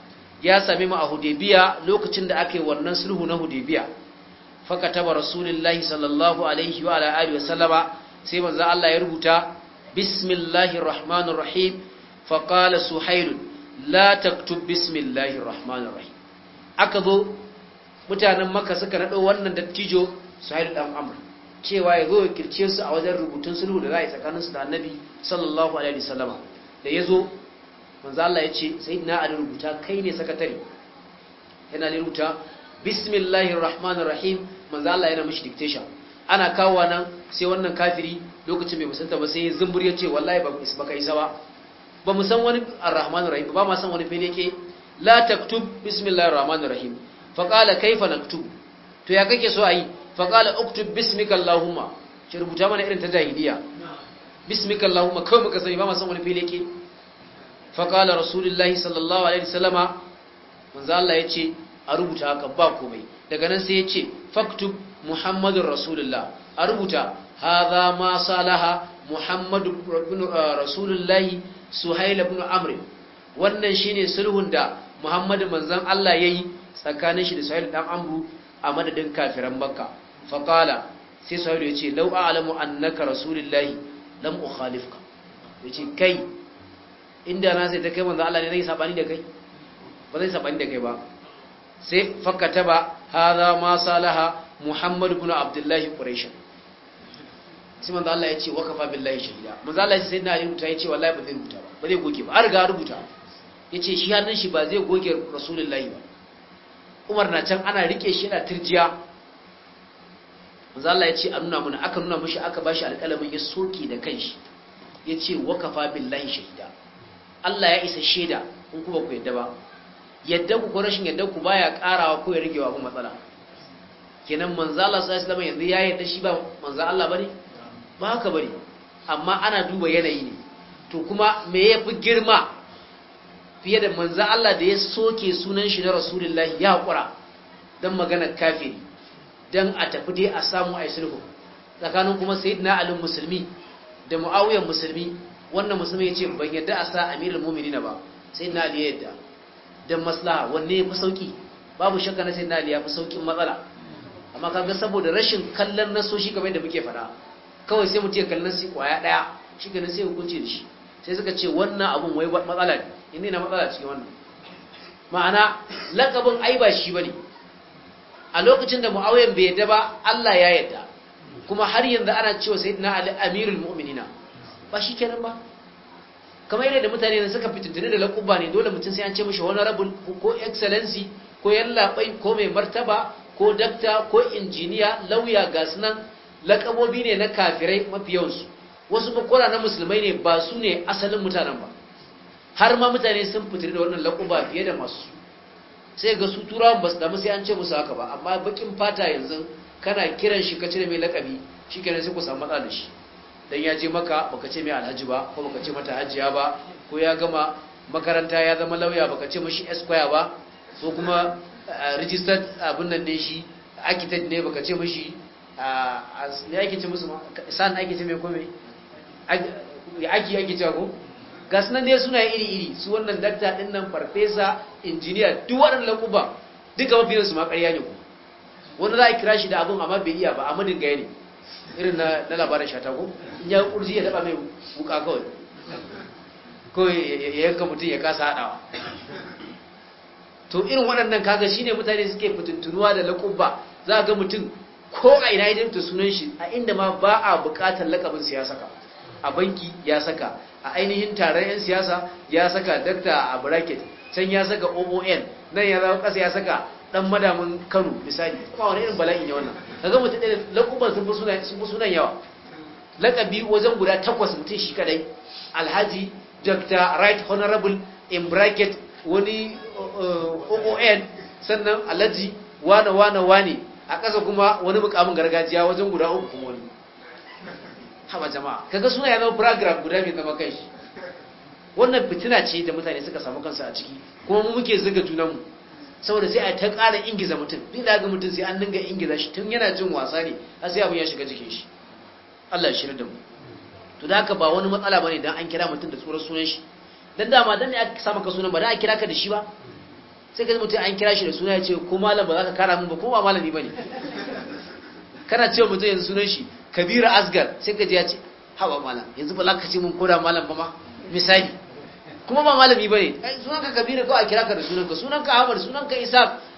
ya sami ma a hudebiya lokacin da aka yi wannan sulhu na hudebiya Hudaybiya fakataba rasulullahi sallallahu alaihi wa ala alihi wasallama sai manzo Allah ya rubuta bismillahir rahmanir rahim faqala la taktub bismillahir rahmanir rahim aka zo mutanen maka suka naɗo wannan dattijo su suhail dan amr cewa ya zo wakilce su a wajen rubutun sulhu da za a yi tsakaninsu da annabi sallallahu alaihi wasallama da ya zo manzo Allah ya ce sai ina a rubuta kai ne sakatare yana ne rubuta bismillahir rahmanir rahim manzo Allah yana mishi dictation ana kawo nan sai wannan kafiri lokacin bai musanta ba sai zumbur ya ce wallahi ba ku kai sa ba ba mu san wani arrahmanir rahim ba ma san wani fili yake la taktub bismillahir rahmanir rahim fa qala kayfa naktub to ya kake so ayi fa qala uktub bismika allahumma ki rubuta mana irin ta jahiliya bismika allahumma kai muka sani ba ma san wani fili yake faƙala rasulullahi sallallahu alaihi wasallama manzo Allah ya ce a rubuta haka ba komai daga nan sai ya ce faktub muhammadun rasulullah a rubuta haza ma salaha muhammadu rasulullahi suhail ibn amr wannan shine sulhun da muhammadu manzon Allah yayi tsakanin shi da suhail dan amru a madadin kafiran makka faqala sai suhail ya ce law a'lamu annaka rasulullahi lam ukhalifka yace kai inda na sai ta kai manzo Allah ne zai sabani da kai ba zai sabani da kai ba sai fakkata ba hadha ma salaha muhammad ibn abdullahi quraish sai manzo Allah ya ce wa kafa billahi shahida manzo Allah sai na rubuta ya ce wallahi ba zai rubuta ba ba zai goge ba har ga rubuta ya ce shi hannun shi ba zai goge rasulullahi ba umar na can ana rike shi yana turjiya manzo Allah ya ce a nuna mana aka nuna mishi aka bashi alƙalamin ya soke da kanshi ya ce wa kafa billahi shahida Allah ya isa shaida in ku baku ku yadda ba yadda ku ko rashin yadda ku baya karawa ko ya rige wa ku matsala kenan manzo Allah sallallahu alaihi wasallam yanzu ya yadda shi ba manzo Allah bane ba haka bane amma ana duba yanayi ne to kuma me ya fi girma fiye da manzo Allah da ya soke sunan shi na rasulullahi ya hakura dan magana kafiri dan a tafi dai a samu ai sulhu tsakanin kuma sayyidina alim musulmi da Muawiya musulmi wannan musulmi ya ce ban yadda a sa amirin muminina ba sai na liya yadda don maslaha wanne ya fi sauki babu shakka na sai na liya fi saukin matsala amma kaga saboda rashin kallon nasoshi kamar da muke fara kawai sai mutum ya kallon nasi kwaya daya shi ganin sai hukunci da shi sai suka ce wannan abun wai matsala ne inda na matsala cikin wannan ma'ana lakabin ai ba shi bane a lokacin da mu'awiyan bai yadda ba Allah ya yadda kuma har yanzu ana cewa sayyidina ali amirul mu'minina ba shi kenan ba kamar yadda mutane da suka fitintuni da laƙuba ne dole mutum sai an ce mashi honorable ko excellency ko yallaɓai ko mai martaba ko dakta ko injiniya lauya ga sunan laƙabobi ne na kafirai mafi yawansu wasu bakora na musulmai ne ba su ne asalin mutanen ba har ma mutane sun fitiri da wannan laƙuba fiye da masu sai ga su turawan ba su damu sai an ce musu haka ba amma bakin fata yanzu kana kiran shi ka cire mai lakabi shi kenan sai ku samu matsala shi dan ya je maka baka ce mai alhaji ba ko baka ce mata hajiya ba ko ya gama makaranta ya zama lauya baka ce mashi esquire ba ko kuma eh, registered abin nan ne shi architect ne baka ce mashi ne eh, ake ce musu san ake ce mai kome ya ake ake ce ko gas nan dai suna iri iri su wannan dakta din nan farfesa injiniya duk wannan lakuba duka mafiyansu ma ƙarya ne ku wani za a kira shi da abin amma bai iya ba amma madin gaya ne irin na labarin shatako in ya kurji ya taba mai wuka kawai kawai ya yanka mutum ya kasa haɗawa to irin waɗannan kaga shine mutane suke fitintunuwa da lakubba za a ga mutum ko a ina ya sunan shi a inda ma ba a buƙatar laƙabin ya saka a banki ya saka a ainihin taron 'yan siyasa ya saka dakta a bracket can ya saka oon nan ya zama ƙasa ya saka dan madamin Kano misali kuma wani irin bala'in ya wannan kaga mutum ɗaya lakuban sun fi sunan sun fi sunan yawa lakabi wajen guda takwas mutum shi kadai alhaji dr right honorable in bracket wani uh, uh, oon sannan alhaji wane wane wane a ƙasa kuma wani mukamin gargajiya wajen guda uku kuma wani haɓa jama'a kaga suna yana program guda mai zama kai wannan fitina ce da mutane suka samu kansu a ciki kuma mu muke zuga junanmu saboda sai a ta ƙara ingiza mutum duk da ga mutum sai an dinga ingiza shi tun yana jin wasa ne har sai abin ya shiga jikin shi Allah ya shirya da mu to da haka ba wani matsala bane dan an kira mutum da tsoron sunan shi dan dama dan ne aka samu ka sunan ba dan a kira ka da shi ba sai kaji mutum an kira shi da suna ya ce ko malam ba za ka kara min ba ko ba malami ba ne kana cewa mutum yanzu sunan shi kabira asgar sai ji ya ce hawa malam yanzu ba za ka ce mun koda malam ba ma misali kuma ba malami bane kai sunanka kabiru ko a kira ka da sunanka sunanka ahmad sunanka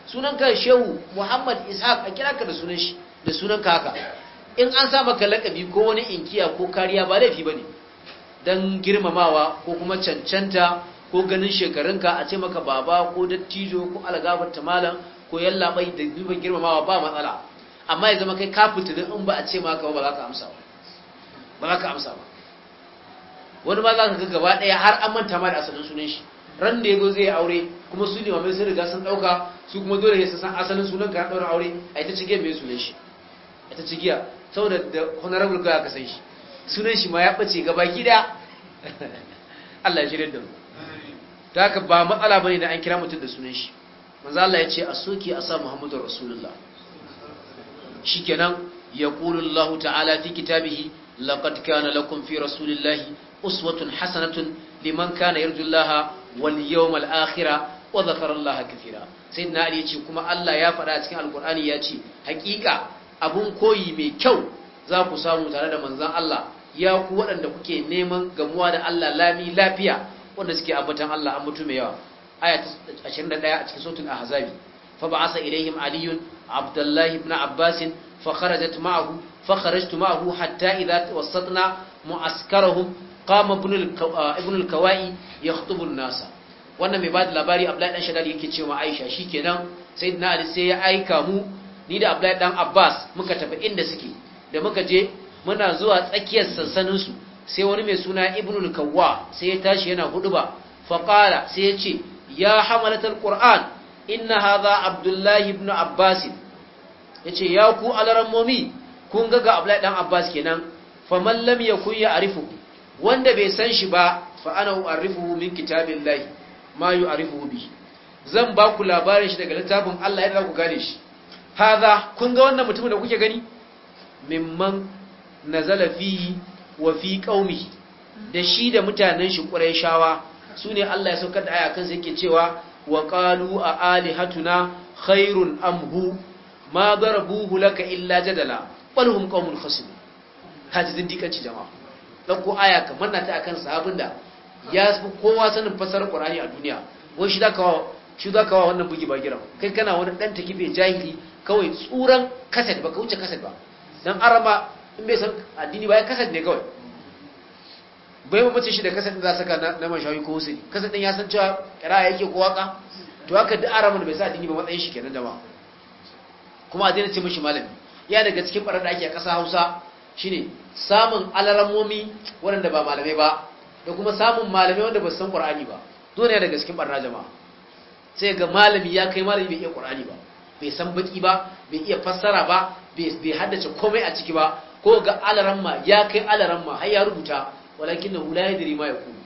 sunanka shehu muhammad isaac a kiraka ka da sunan shi da sunanka haka in an sa maka lakabi ko wani inkiya ko kariya ba laifi bane dan girmamawa ko kuma cancanta ko ganin shekarunka a ce maka baba ko dattijo ko algabar malam ko bai da duba girmamawa ba matsala amma ya zama kai din in ba a ce maka ba za ka amsa ba ba za ka amsa ba wani ma za ka ga gaba ɗaya har an manta ma da asalin sunan shi ran da ya zo zai aure kuma su ne mamai sun riga sun ɗauka su kuma dole ne su san asalin sunan ka ɗaura aure a ita cigiya mai sunan shi a ita cigiya saboda da honorable ga ka san shi sunan shi ma ya ɓace gaba gida Allah ya shirya da mu ta haka ba matsala bane da an kira mutum da sunan shi manzo Allah ya ce a soki a sa Muhammadu Rasulullah shikenan yaqulu Allah ta'ala fi kitabihi laqad kana lakum fi rasulillahi uswatun hasanatun liman kana yarjullaha wal yawmal akhira wa kafira. Sai kathira sayyidina ali yace kuma Allah ya faɗa a cikin ya yace haƙiƙa abun koyi mai kyau za ku samu tare da manzon Allah ya ku waɗanda kuke neman gamuwa da Allah lami lafiya wanda suke ambatan Allah an mutu mai yawa aya 21 a cikin suratul ahzabi fa ba'asa ilaihim aliyun abdullahi ibn abbasin فخرجت معه fakharajtu ma'ahu hatta idza wasatna mu'askarahum qama ibn al ya yakhtubu an-nasa wannan mai bada labari Abdullahi dan Shaddad yake cewa Aisha shikenan sayyidina Ali sai ya aika mu ni da Abdullahi dan Abbas muka tafi inda suke da muka je muna zuwa tsakiyar sansanin su sai wani mai suna Ibn al-Kawwa sai ya tashi yana huduba ba. qala sai ya ce ya al Qur'an inna hadha Abdullahi ibn Abbas yace ya ku alarammomi kun ga ga Abdullahi dan Abbas kenan faman lam yakun ya'rifu wanda bai san shi ba fa ana u'rifuhu min kitabillahi ma yu'rifuhu bi zan ba ku labarin shi daga littafin Allah yadda ku gane shi hadha kun ga wannan mutumin da kuke gani mimman nazala fihi wa fi qaumi da shi da mutanen shi Quraishawa sune Allah ya saukar da aya kan sai yake cewa wa qalu a alihatuna khairun amhu ma darabuhu laka illa jadala balhum qaumul khasim kaji zindikanci jama'a dan ko aya kamar na ta akan sahabin da ya fi kowa sanin fasar qur'ani a duniya wai shi za shi wa wannan bugi ba bagira kai kana wani dan takife jahili kawai tsuran kaset ba ka wuce kaset ba dan arama in bai san addini ba ya kaset ne kawai bai mu mace shi da kaset za saka na mashayi ko hussein kaset din ya san cewa kira yake ko waka to haka duk da bai sa addini ba matsayin shi kenan jama'a kuma a daina ce mishi malami ya daga cikin barar da ake a ƙasa hausa shine samun alaramomi waɗanda ba malamai ba da kuma samun malamai wanda ba san ƙur'ani ba dole ya daga cikin barna jama'a sai ga malami ya kai malami bai iya ƙur'ani ba bai san baki ba bai iya fassara ba bai haddace komai a ciki ba ko ga alaramma ya kai alaramma har ya rubuta walakin na hula ya diri ma ya kuma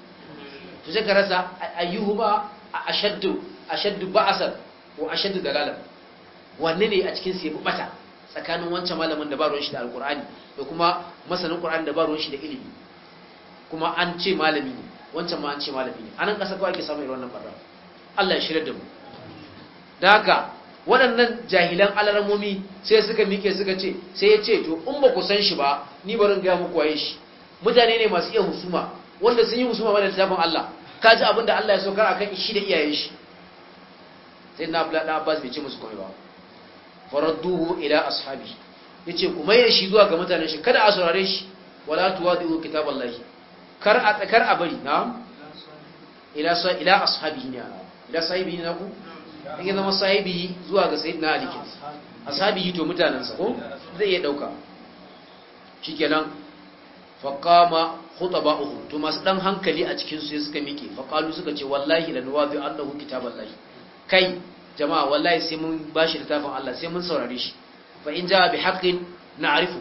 to ka rasa ayyuhu ba a ashaddu ashaddu ba'asar ko ashaddu dalalar wanne ne a cikin sai bata tsakanin wancan malamin da ba ruwan shi da alkur'ani da kuma masanin qur'ani da ba ruwan shi da ilimi kuma an ce malami ne wancan ma an ce malami ne anan kasa kawai ake samu irin wannan barra Allah ya shirya da mu da haka waɗannan jahilan alaramomi sai suka mike suka ce sai ya ce to in ba ku san shi ba ni barin ga muku waye shi mutane ne masu iya husuma wanda sun yi husuma mana littafin Allah ka ji abinda Allah ya kar akan shi da iyayen shi sai na Abdullahi Abbas bai ce musu komai ba faradduhu ila ashabi yace ku maye shi zuwa ga mutanen shi kada a saurare shi wala tuwadu kitaballahi kar a tsakar a bari na'am ila sa ila ashabihi ne ila sahibihi ne ku in ya zama sahibihi zuwa ga sayyidina ali kin ashabihi to mutanen sa ko zai iya dauka shikenan faqama khutaba'uhu to masu dan hankali a cikin su suka mike faqalu suka ce wallahi la nuwadi annahu kitaballahi kai jama'a wallahi sai mun bashi littafin Allah sai mun saurare shi fa in jaa bi haqqin na'rifu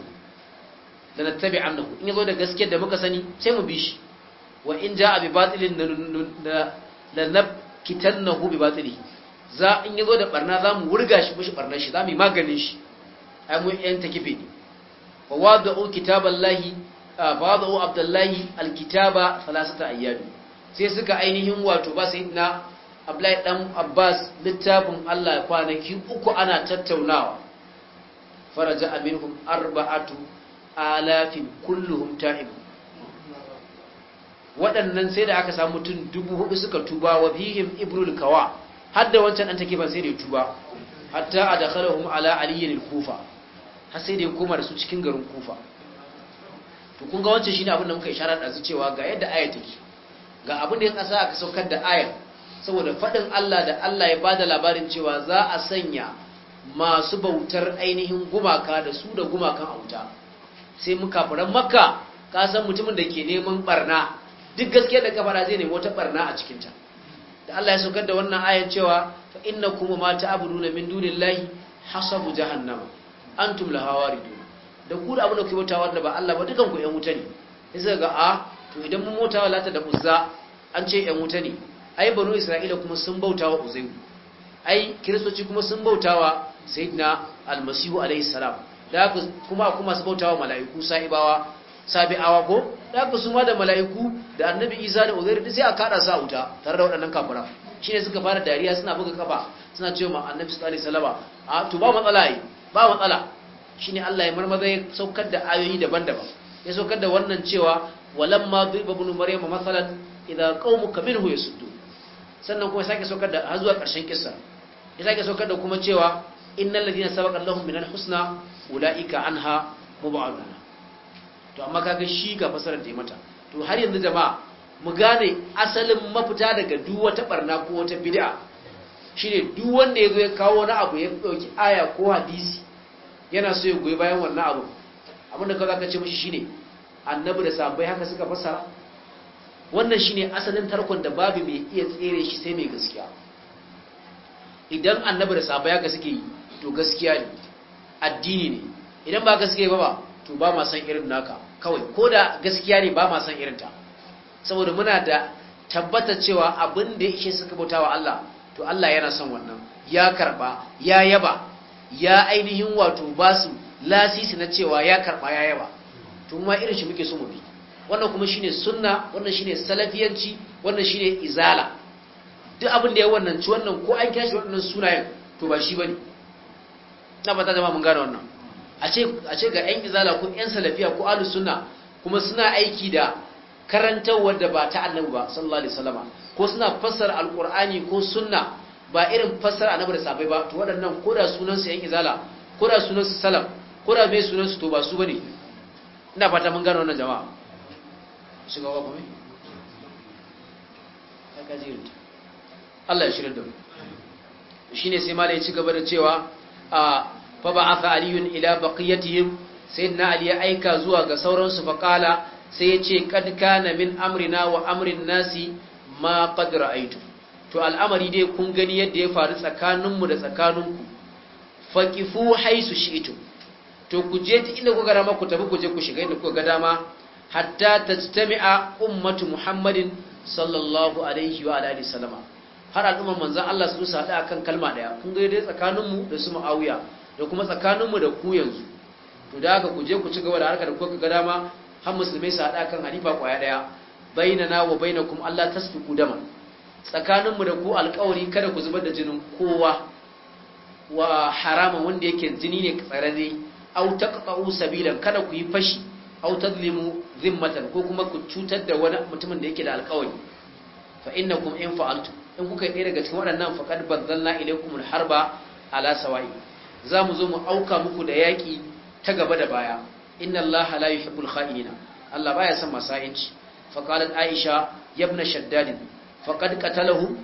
annahu in yazo da gaskiya da muka sani sai mu bi shi wa in jaa bi batilin lanabkitannahu bi batili za in yazo da barna za mu wurga shi mushi barna shi za mu yi maganin shi ai mu yan takife ne wa wada'u kitaballahi wada'u abdullahi alkitaba thalathata ayyami sai suka ainihin wato ba sai na. Abdullahi dan Abbas littafin Allah kwanaki uku ana tattaunawa faraja aminhum arba'atu alafin kulluhum ta'ib waɗannan sai da aka samu mutum dubu hudu suka tuba wa fihim ibrul kawa Har da wancan dan take ban sai da ya tuba hatta adakhalahum ala al kufa har sai da ya koma da su cikin garin kufa to kun ga wancan shine abin da muka isharar da su cewa ga yadda aya take ga abin da ya kasa aka saukar da ayar saboda faɗin Allah da Allah ya bada labarin cewa za a sanya masu bautar ainihin gumaka da su da gumakan auta sai muka fara makka ka san mutumin da ke neman barna duk gaskiya da kafara zai nemi wata barna a ta da Allah ya saukar da wannan ayan cewa fa innakum ma ta'buduna min dunillahi hasabu jahannama antum laha waridun da ku da abin da ku bauta wanda ba Allah ba dukan ku ƴan wuta ne sai ga a ah, to idan mun mota wala ta da buzza an ce ƴan wuta ne ai banu isra'ila kuma sun bauta wa uzayu ai kiristoci kuma sun bauta wa sayyidina almasihu alayhi salam da kuma kuma su wa mala'iku sa'ibawa sabi'awa ko da haka su ma da mala'iku da annabi isa da uzairu da sai a kada sa wuta tare da waɗannan kafara shine suka fara dariya suna buga kafa suna cewa annabi sallallahu alaihi wasallam a to ba matsala yi ba matsala shine Allah ya marmaza ya saukar da ayoyi daban-daban ya saukar da wannan cewa walamma duba ibn maryam masalan idza qaumuka minhu yasuddu sannan kuma sake saukar da har zuwa ƙarshen kissa ya sake saukar da kuma cewa innal ladina sabaqa lahum minal husna ulaika anha mubaduna to amma kaga shi ga fasarar da mata to har yanzu jama'a mu gane asalin mafita daga duk wata barna ko wata bid'a shine duk wanda yazo ya kawo wani abu ya dauki aya ko hadisi yana so ya goyi bayan wannan abu abinda ka zaka ce mishi shine annabi da sahabbai haka suka fasara wannan shine asalin tarkon da babu mai iya tsere shi sai mai gaskiya idan annabi da sahaba ya suke yi to gaskiya ne addini ne idan ba gaskiya ba ba to ba ma san irin naka kawai ko da gaskiya ne ba ma san irin ta saboda muna da tabbatar cewa abin da yake suka wa Allah to Allah yana son wannan ya karba ya yaba ya ainihin wato basu lasisi na cewa ya karba ya yaba to ma irin shi muke so mu bi wannan kuma shine sunna wannan shine salafiyanci wannan shine izala duk abin da ya wannan ci wannan ko an kashi wannan sunayen to ba shi bane na fata jama'a mun gane wannan a ce a ce ga 'yan izala ko 'yan salafiya ko ahlus sunna kuma suna aiki da karantawar da ba ta annabi ba sallallahu alaihi wasallama ko suna fassara alqur'ani ko sunna ba irin fassara annabi da sahabbai ba to waɗannan ko da sunan su yan izala ko da sunan su salaf ko da mai sunan su to ba su bane ina fata mun gane wannan jama'a shiga ba kuma ta Allah ya da mu shi sai mala ya ci gaba da cewa a fa ba aka aliyun ila baqiyatihim sai na ali ya aika zuwa ga sauransu kala sai ya ce kad kana min amrina wa amrin nasi ma qad ra'aytu to al'amari dai kun gani yadda ya faru tsakaninmu da tsakaninku faqifu haisu shi'tum to ku je inda kuka rama ku tafi ku je ku shiga inda kuka ga dama hatta tajtami'a ummatu muhammadin sallallahu alaihi wa alihi salama har al'umman manzan Allah su su hada akan kalma daya kun ga dai tsakaninmu da su Muawiya da kuma tsakaninmu da ku yanzu to da haka ku je ku ci gaba da harkar da kuka ga dama har musulmai su hada akan halifa kwaya daya bainana wa bainakum Allah tasfiku dama tsakaninmu da ku alƙawari kada ku zubar da jinin kowa wa harama wanda yake jini ne tsare tsararre au taqta'u sabilan kada ku yi fashi au tadlimu zimmatan ko kuma ku cutar da wani mutumin da yake da alkawari fa innakum in fa'altu in kuka yi daga cikin waɗannan faqad bazzalna ilaykum alharba ala sawa'i za mu zo mu auka muku da yaƙi ta gaba da baya inna allaha la yuhibbul kha'inina allah baya son masu ha'inci fa qalat aisha yabna shaddad faqad qatalahu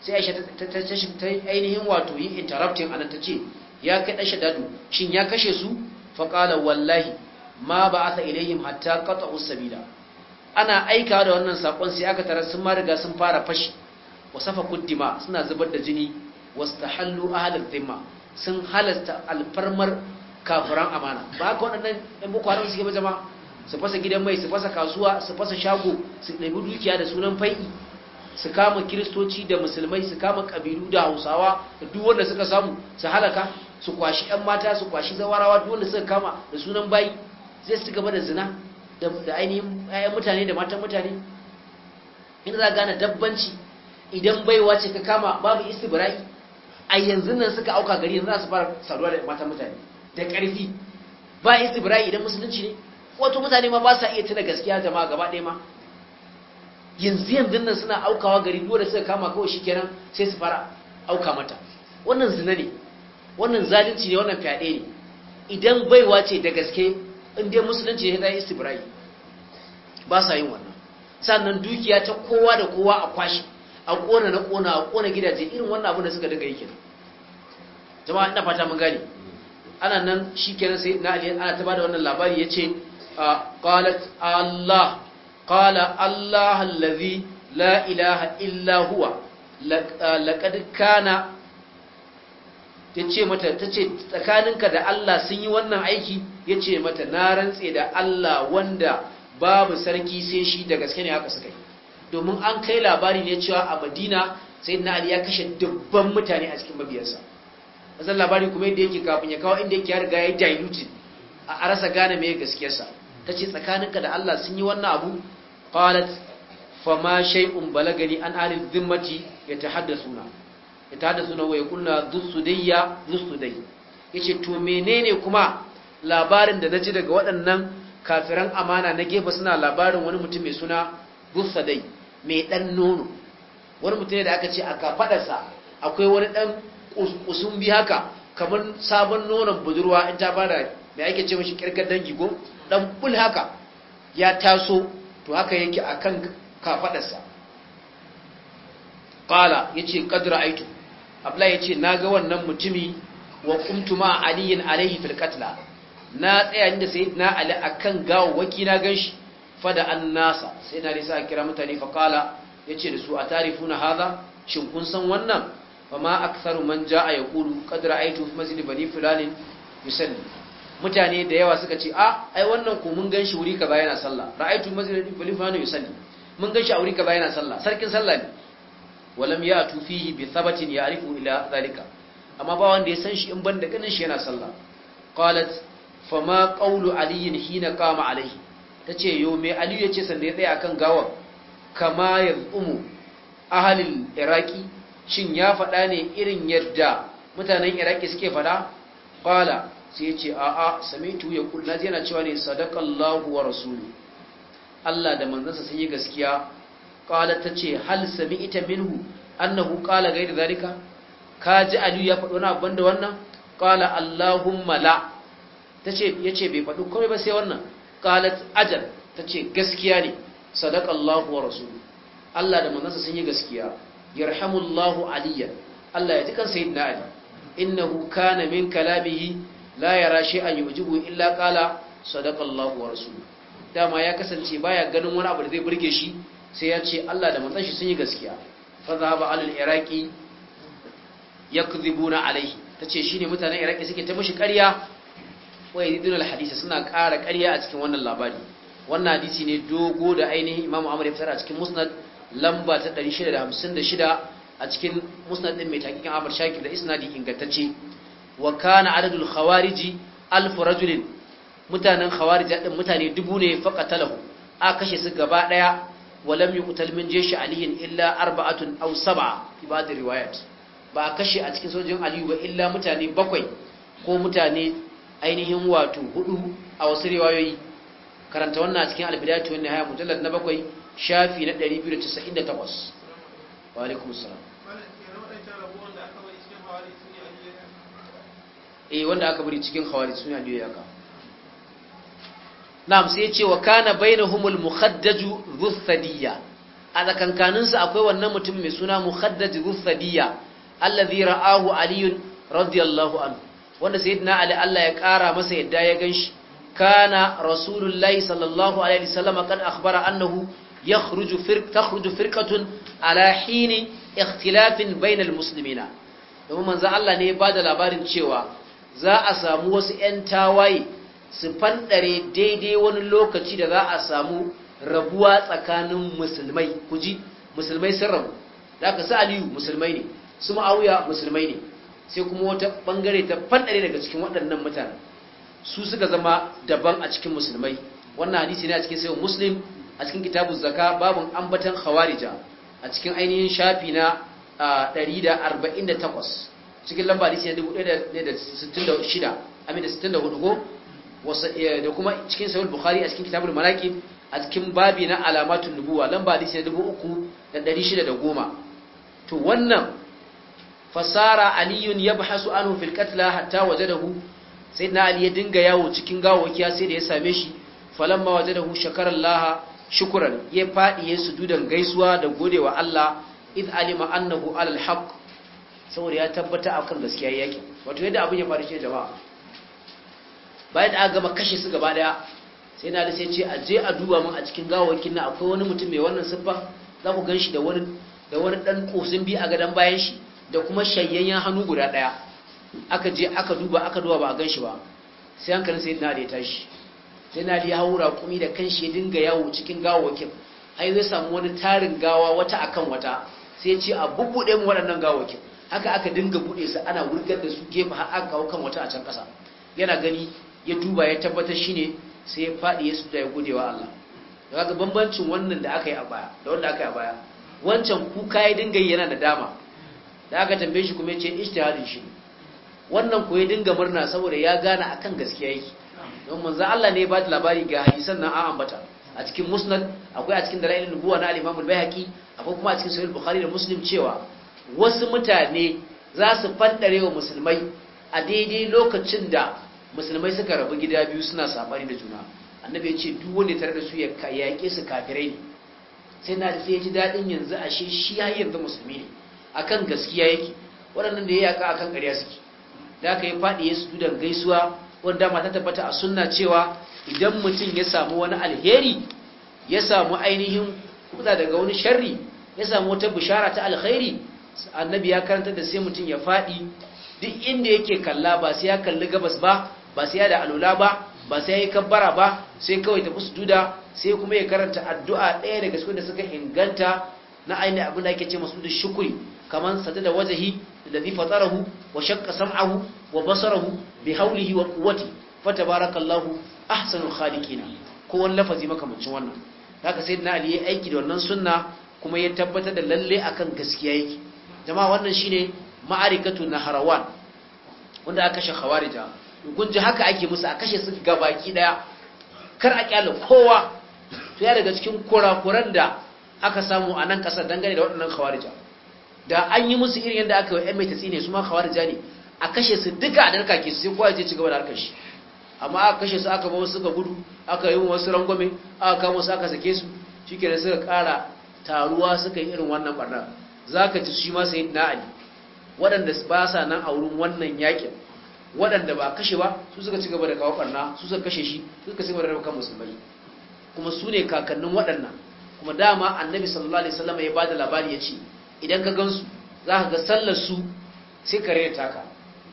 sai aisha ta ta ainihin wato yi interrupting anan tace ya kai dan shin ya kashe su fa qala wallahi ma ba asa ilayhim hatta qata'u sabila ana aika da wannan saƙon sai aka tara sun mariga sun fara fashi wasafa kuddima suna zubar da jini a ahlal dhimma sun halasta alfarmar kafuran amana ba ka waɗannan ɗan boko haram suke su fasa gidan mai su fasa kasuwa su fasa shago su ɗabi dukiya da sunan fai'i su kama kiristoci da musulmai su kama ƙabilu da hausawa da duk wanda suka samu su halaka su kwashi 'yan mata su kwashi zawarawa duk wanda suka kama da sunan bayi zai su gaba da zina da ainihin mutane da matan mutane in za gane dabbanci idan baiwa ce ka kama babu birai a yanzu nan suka auka gari yanzu za su fara saduwa da matan mutane da ƙarfi ba birai idan musulunci ne wato mutane ma ba sa iya tuna gaskiya ma gaba ɗaya ma yanzu yanzu nan suna aukawa gari duk da suka kama kawai shi kenan sai su fara auka mata wannan zina ne wannan zalunci ne wannan fyaɗe ne idan baiwa ce da gaske in dai musulunci ya zai istibrai ba sa yin wannan sannan dukiya ta kowa da kowa a kwashi a kona na kona a kona gidaje irin wannan abin da suka daga yake jama'a ina fata mun gane ana nan shi kenan sai na ali ana ta bada wannan labari yace ah, qalat allah qala allah allazi la ilaha illa huwa ah, laqad kana tace mata tace tsakaninka da Allah sun yi wannan aiki ya ce mata na rantse da Allah wanda babu sarki sai shi da gaske ne haka suka yi domin an kai labari ne cewa a madina sai na ali ya kashe dubban mutane a cikin mabiyarsa wasan labari kuma yadda yake kafin ya kawo inda yake ya riga ya diluted a arasa gane mai gaskiyarsa ta ce tsakaninka da Allah sun yi wannan abu qalat ma shay'un balagani an ya dhimmati ya yatahaddathuna wa yaqulna dusudayya dusudayya yace to menene kuma labarin da na ji daga waɗannan kafiran amana na gefe suna labarin wani mutum mai suna dai mai ɗan nono wani mutum ne da aka ce a kafaɗarsa akwai wani ɗan ƙusun bi haka kamar sabon nonon budurwa in ta fara mai ake ce mashi ƙirƙar dangi ko Ɗan ɓul haka ya taso to haka yake kafaɗarsa kafadarsa ya yace qadra aitu abla na ga wannan mutumi wa kumtuma aliyin alaihi Filkatla. na tsaya inda sai na ali akan gawawaki na ganshi fada an nasa sai na risa kira mutane fakala ya ce da su a tarifu na haza shin kun san wannan ba ma aksaru man ja a ya kulu kadara aitu masjid bani fulanin yusalli mutane da yawa suka ce a ah, ai wannan ko mun ganshi wuri kaza yana sallah ra'aitu masjid bani fulanin yusalli mun ganshi a wuri kaza yana sallah sarkin sallah ne walam ya'tu fihi bi thabatin ya'rifu ila zalika amma ba wanda ya san shi in ban da ganin shi yana sallah qalat fama Aliyu aliyin hina kama alaihi tace yo me aliyu ce sanda ya tsaya kan gawar kama yazumu ahalin Iraki. shin ya faɗa ne irin yadda mutanen Iraki suke faɗa fala sai yace a a samitu ya kullu yana cewa ne sadaqallahu wa rasuluhu Allah da manzansa sun yi gaskiya qala tace hal sami'ta minhu annahu qala ghayra zalika ji aliyu ya faɗo na banda wannan qala allahumma la tace yace bai faɗi komai ba sai wannan qalat ajal tace gaskiya ne sadaqallahu wa rasu Allah da manzansa sun yi gaskiya yarhamullahu aliyan Allah ya ji kan sayyidina ali innahu kana min kalamihi la yara shay'an yujibu illa kala sadaqallahu wa rasu. dama ya kasance baya ganin wani abu da zai burge shi sai ya ce Allah da manzansa sun yi gaskiya ba zahaba Iraki iraqi yakdhibuna alayhi tace shine mutanen Iraki suke ta mishi ƙarya wa yadidun alhadisa suna ƙara ƙarya a cikin wannan labari wannan hadisi ne dogo da ainihin imamu amur ya fitar a cikin musnad lamba ta 656 a cikin musnad din mai takikin amur shakir da isnadi ingantacce wa kana adadul khawariji alfu rajulin mutanen khawarij din mutane dubu ne talahu a kashe su gaba wa walam yuqtal min jeshi aliyin illa arba'atun aw sab'a fi riwayat ba kashe a cikin sojojin aliyu ba illa mutane bakwai ko mutane ainihin wato hudu a wasu riwayoyi karanta wannan a cikin albidatu wannan haya mujallar na bakwai shafi na 298 wa alaikum salam eh wanda aka bari cikin khawarij sun aliyu yaka na'am sai ce wa kana bainahumul mukhaddaju dhuthadiyya a tsakankanin su akwai wannan mutum mai suna mukhaddaj dhuthadiyya allazi ra'ahu aliyun radiyallahu anhu wanda sayyidina ali Allah ya kara masa yadda ya ganshi kana rasulullahi sallallahu alaihi wasallam kan akhbara annahu yakhruju firq takhruju firqatun ala hini ikhtilafin bainal muslimina domin manzo Allah ne ba da labarin cewa za a samu wasu 'yan tawaye su fandare daidai wani lokaci da za a samu rabuwa tsakanin musulmai kuji musulmai sun rabu da aka sa aliyu musulmai ne su ma'auya musulmai ne sai kuma wata bangare ta fadare daga cikin waɗannan mutanen su suka zama daban a cikin musulmai wannan hadisi ne a cikin sayin muslim a cikin kitabun zaka babun ambatan khawarija a cikin ainihin shafi na 148 cikin lamba hadisi na 1166 amin da 64 ko eh, da kuma cikin sayin bukhari a cikin kitabun malaki a cikin babi na alamatun nubuwa lamba hadisi na 3610 to wannan fasara aliyun ya yabhasu anhu fil Laha, hatta hu, sai ali ya dinga yawo cikin gawakiya sai da ya same shi falamma wajadahu shakara Laha, shukran ya fadi ya sujudan gaisuwa da godewa allah iz alima annahu alal haqq saboda ya tabbata akan gaskiya yake wato yadda abin ya faru ce jama'a bayan da aka gama kashe su gaba daya sai na da sai ce a je a duba mu a cikin gawakin na akwai wani mutum mai wannan siffa za ku gan shi da wani da wani dan kosin bi a gadan bayan shi da kuma shayayyen hannu guda ɗaya aka je aka duba aka duba ba a gan shi ba sai hankalin sai na da ya tashi sai na da ya haura kumi da kan shi dinga yawo cikin gawawakin ai zai samu wani tarin gawa wata akan wata sai ce a bubbude mu waɗannan gawawakin haka aka dinga buɗe su ana wurgar da su gefe har aka kawo kan wata a can ƙasa yana gani ya duba ya tabbatar shi sai ya faɗi ya suta ya wa Allah da kaga bambancin wannan da aka yi a baya da wanda aka yi a baya wancan kuka ya dinga yana da dama da aka tambaye shi kuma ya ce ijtihadin shi wannan ko ya dinga murna saboda ya gane akan gaskiya yake don manzo Allah ne ya ba labari ga hadisan nan a ambata a cikin musnad akwai a cikin dalailin nubuwa na al-Imam al-Baihaqi akwai kuma a cikin sahih bukhari da Muslim cewa wasu mutane za su faddarewa wa musulmai a daidai lokacin da musulmai suka rabu gida biyu suna sabani da juna annabi ya ce duk wanda tare da su ya yaƙe su kafirai sai na sai ya ji daɗin yanzu ashe shi ya yanzu musulmi ne akan gaskiya yake waɗannan da ya yaka akan ƙarya suke da aka yi faɗi ya sujudan gaisuwa wanda ma ta tabbata a sunna cewa idan mutum ya samu wani alheri ya samu ainihin kuɗa daga wani sharri ya samu wata bishara ta alkhairi annabi ya karanta da sai mutum ya faɗi duk inda yake kalla ba sai ya kalli gabas ba ba sai ya da alula ba ba sai ya yi kabbara ba sai kawai tafi duda sai kuma ya karanta addu'a ɗaya daga cikin da suka inganta na ainihin abin da ake ce masu da shukuri كمان sajada وجهه الذي فطره وشق سمعه وبصره wa basarahu فتبارك الله احسن الخالقين كو ahsanul khaliqin ko wani lafazi makamancin wannan haka sayyidina ali yayi aiki da wannan sunna kuma ya tabbatar da lalle akan gaskiya yake jama'a wannan shine ma'arikatu naharawan wanda aka kashe khawarija kun ji haka ake musu a kashe su baki daya kar a kyale kowa to ya daga cikin kurakuran da aka samu a nan kasar dangane da waɗannan khawarija da an yi musu irin yadda aka yi yan mai ne, su ma da ne a kashe su duka a darka ke su sai kowa ce je ci gaba da harkar shi amma aka kashe su aka ba wasu ga gudu aka yi wasu rangwame aka kama su aka sake su shi da suka kara taruwa suka yi irin wannan barna ka ci shi ma na ali waɗanda ba sa nan a wurin wannan yakin waɗanda ba kashe ba su suka ci gaba da kawo barna su suka kashe shi su suka ci gaba da kan musulmai kuma su ne kakannin waɗannan kuma dama annabi sallallahu alaihi wasallam ya bada labari ya ce idan ka gansu za ka ga sallar su sai ka rena taka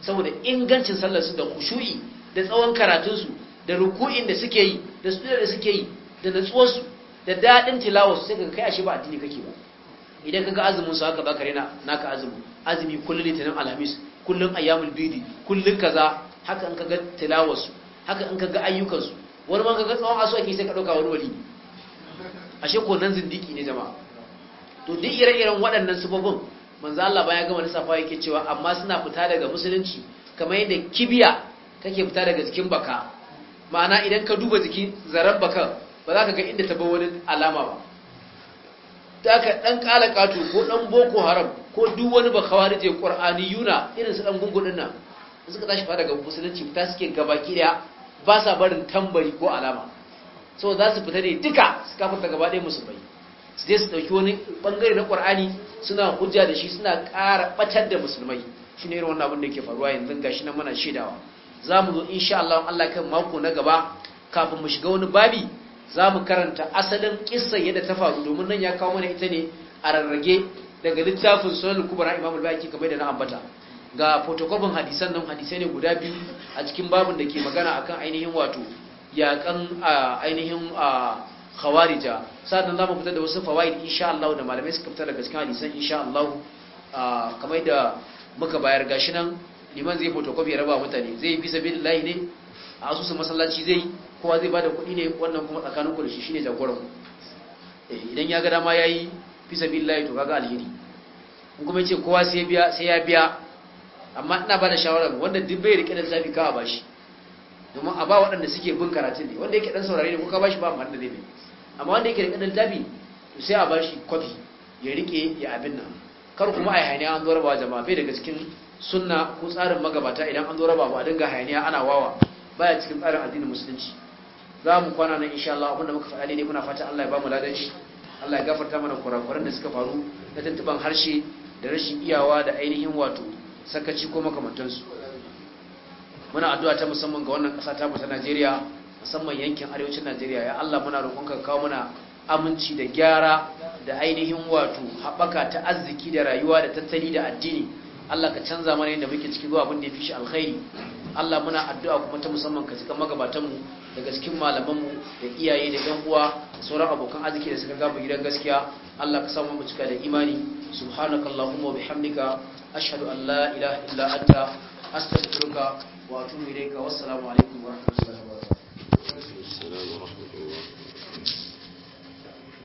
saboda ingancin sallar su da kushu'i da tsawon karatun su da ruku'in da suke yi da sujud da suke yi da natsuwar su da dadin tilawar su sai ka kai ashe ba addini kake ba idan ka ga azumin su haka baka rena naka azumi azumi kullun litinin alhamis kullun ayyamul bidi kullun kaza haka in ga tilawar su haka in ga ayyukan su wani ma ga tsawon asu ake sai ka dauka wani wali ashe ko nan zindiki ne jama'a to duk ire-iren waɗannan sifofin manzo Allah baya gama lissafa yake cewa amma suna fita daga musulunci kamar yadda kibiya take fita daga jikin baka ma'ana idan ka duba jikin zaren bakan ba za ka ga inda ta bar wani alama ba da ka ɗan ƙala kato ko dan boko haram ko duk wani ba kawarije yuna irin su ɗan gungunin nan suka tashi fa daga musulunci fita suke gabaki daya ba sa barin tambari ko alama so za su fita ne duka su kafa gaba ɗaya musulmai su je su ɗauki wani bangare na ƙwar'ani suna hujja da shi suna ƙara ɓatar da musulmai shi ne irin wannan abin da ke faruwa yanzu gashi shi nan mana shaidawa za mu zo insha Allah Allah kan mako na gaba kafin mu shiga wani babi za mu karanta asalin kissa yadda ta faru domin nan ya kawo mana ita ne a rarrage daga littafin sunan kubra imam al-baki kamar da na ambata ga fotokofin hadisan nan hadisai ne guda biyu a cikin babin da ke magana akan ainihin wato yakan ainihin khawarija sa'annan zamu fitar da wasu fawaid insha Allah da malamai suka fitar daga cikin hadisan insha Allah kamar da muka bayar gashi nan liman zai photocopy raba mutane zai bi sabilillahi ne a asusun masallaci zai kowa zai bada kuɗi ne wannan kuma tsakanin ku da shi shine jagoran eh, idan ya ga dama yayi fi sabilillahi to kaga alheri in kuma yace kowa sai ya biya sai ya biya amma ina bada shawara wanda duk bai rike da zabi kawa bashi domin a ba waɗanda suke bin karatun ne wanda yake ɗan saurare ne ko ka shi ba mu da zai amma wanda yake da ɗan tabi to sai a ba shi kwafi ya riƙe ya abin nan kar kuma a yi hayaniya an zuwa ba jama'a bai daga cikin sunna ko tsarin magabata idan an zuwa ba a dinga hayaniya ana wawa baya cikin tsarin addinin musulunci za mu kwana nan insha Allah abinda muka faɗa ne muna fata Allah ya ba mu ladan shi Allah ya gafarta mana kurakuran da suka faru na tuntuban harshe da rashin iyawa da ainihin wato sakaci ko makamantansu muna addu'a ta musamman ga wannan ƙasa ta mu ta Najeriya musamman yankin arewacin Najeriya ya Allah muna roƙonka kawo mana aminci da gyara da ainihin wato haɓaka ta arziki da rayuwa da tattali da addini Allah ka canza mana yadda muke ciki zuwa abin da ya fi shi alkhairi Allah muna addu'a kuma ta musamman ka cika magabatanmu daga cikin malamanmu da iyaye da ɗan uwa da sauran abokan arziki da suka gama gidan gaskiya Allah ka samu mu cika da imani subhanakallahumma wa bihamdika ashhadu an la ilaha illa anta astaghfiruka وأتوب إليك والسلام عليكم ورحمة الله وبركاته السلام ورحمة الله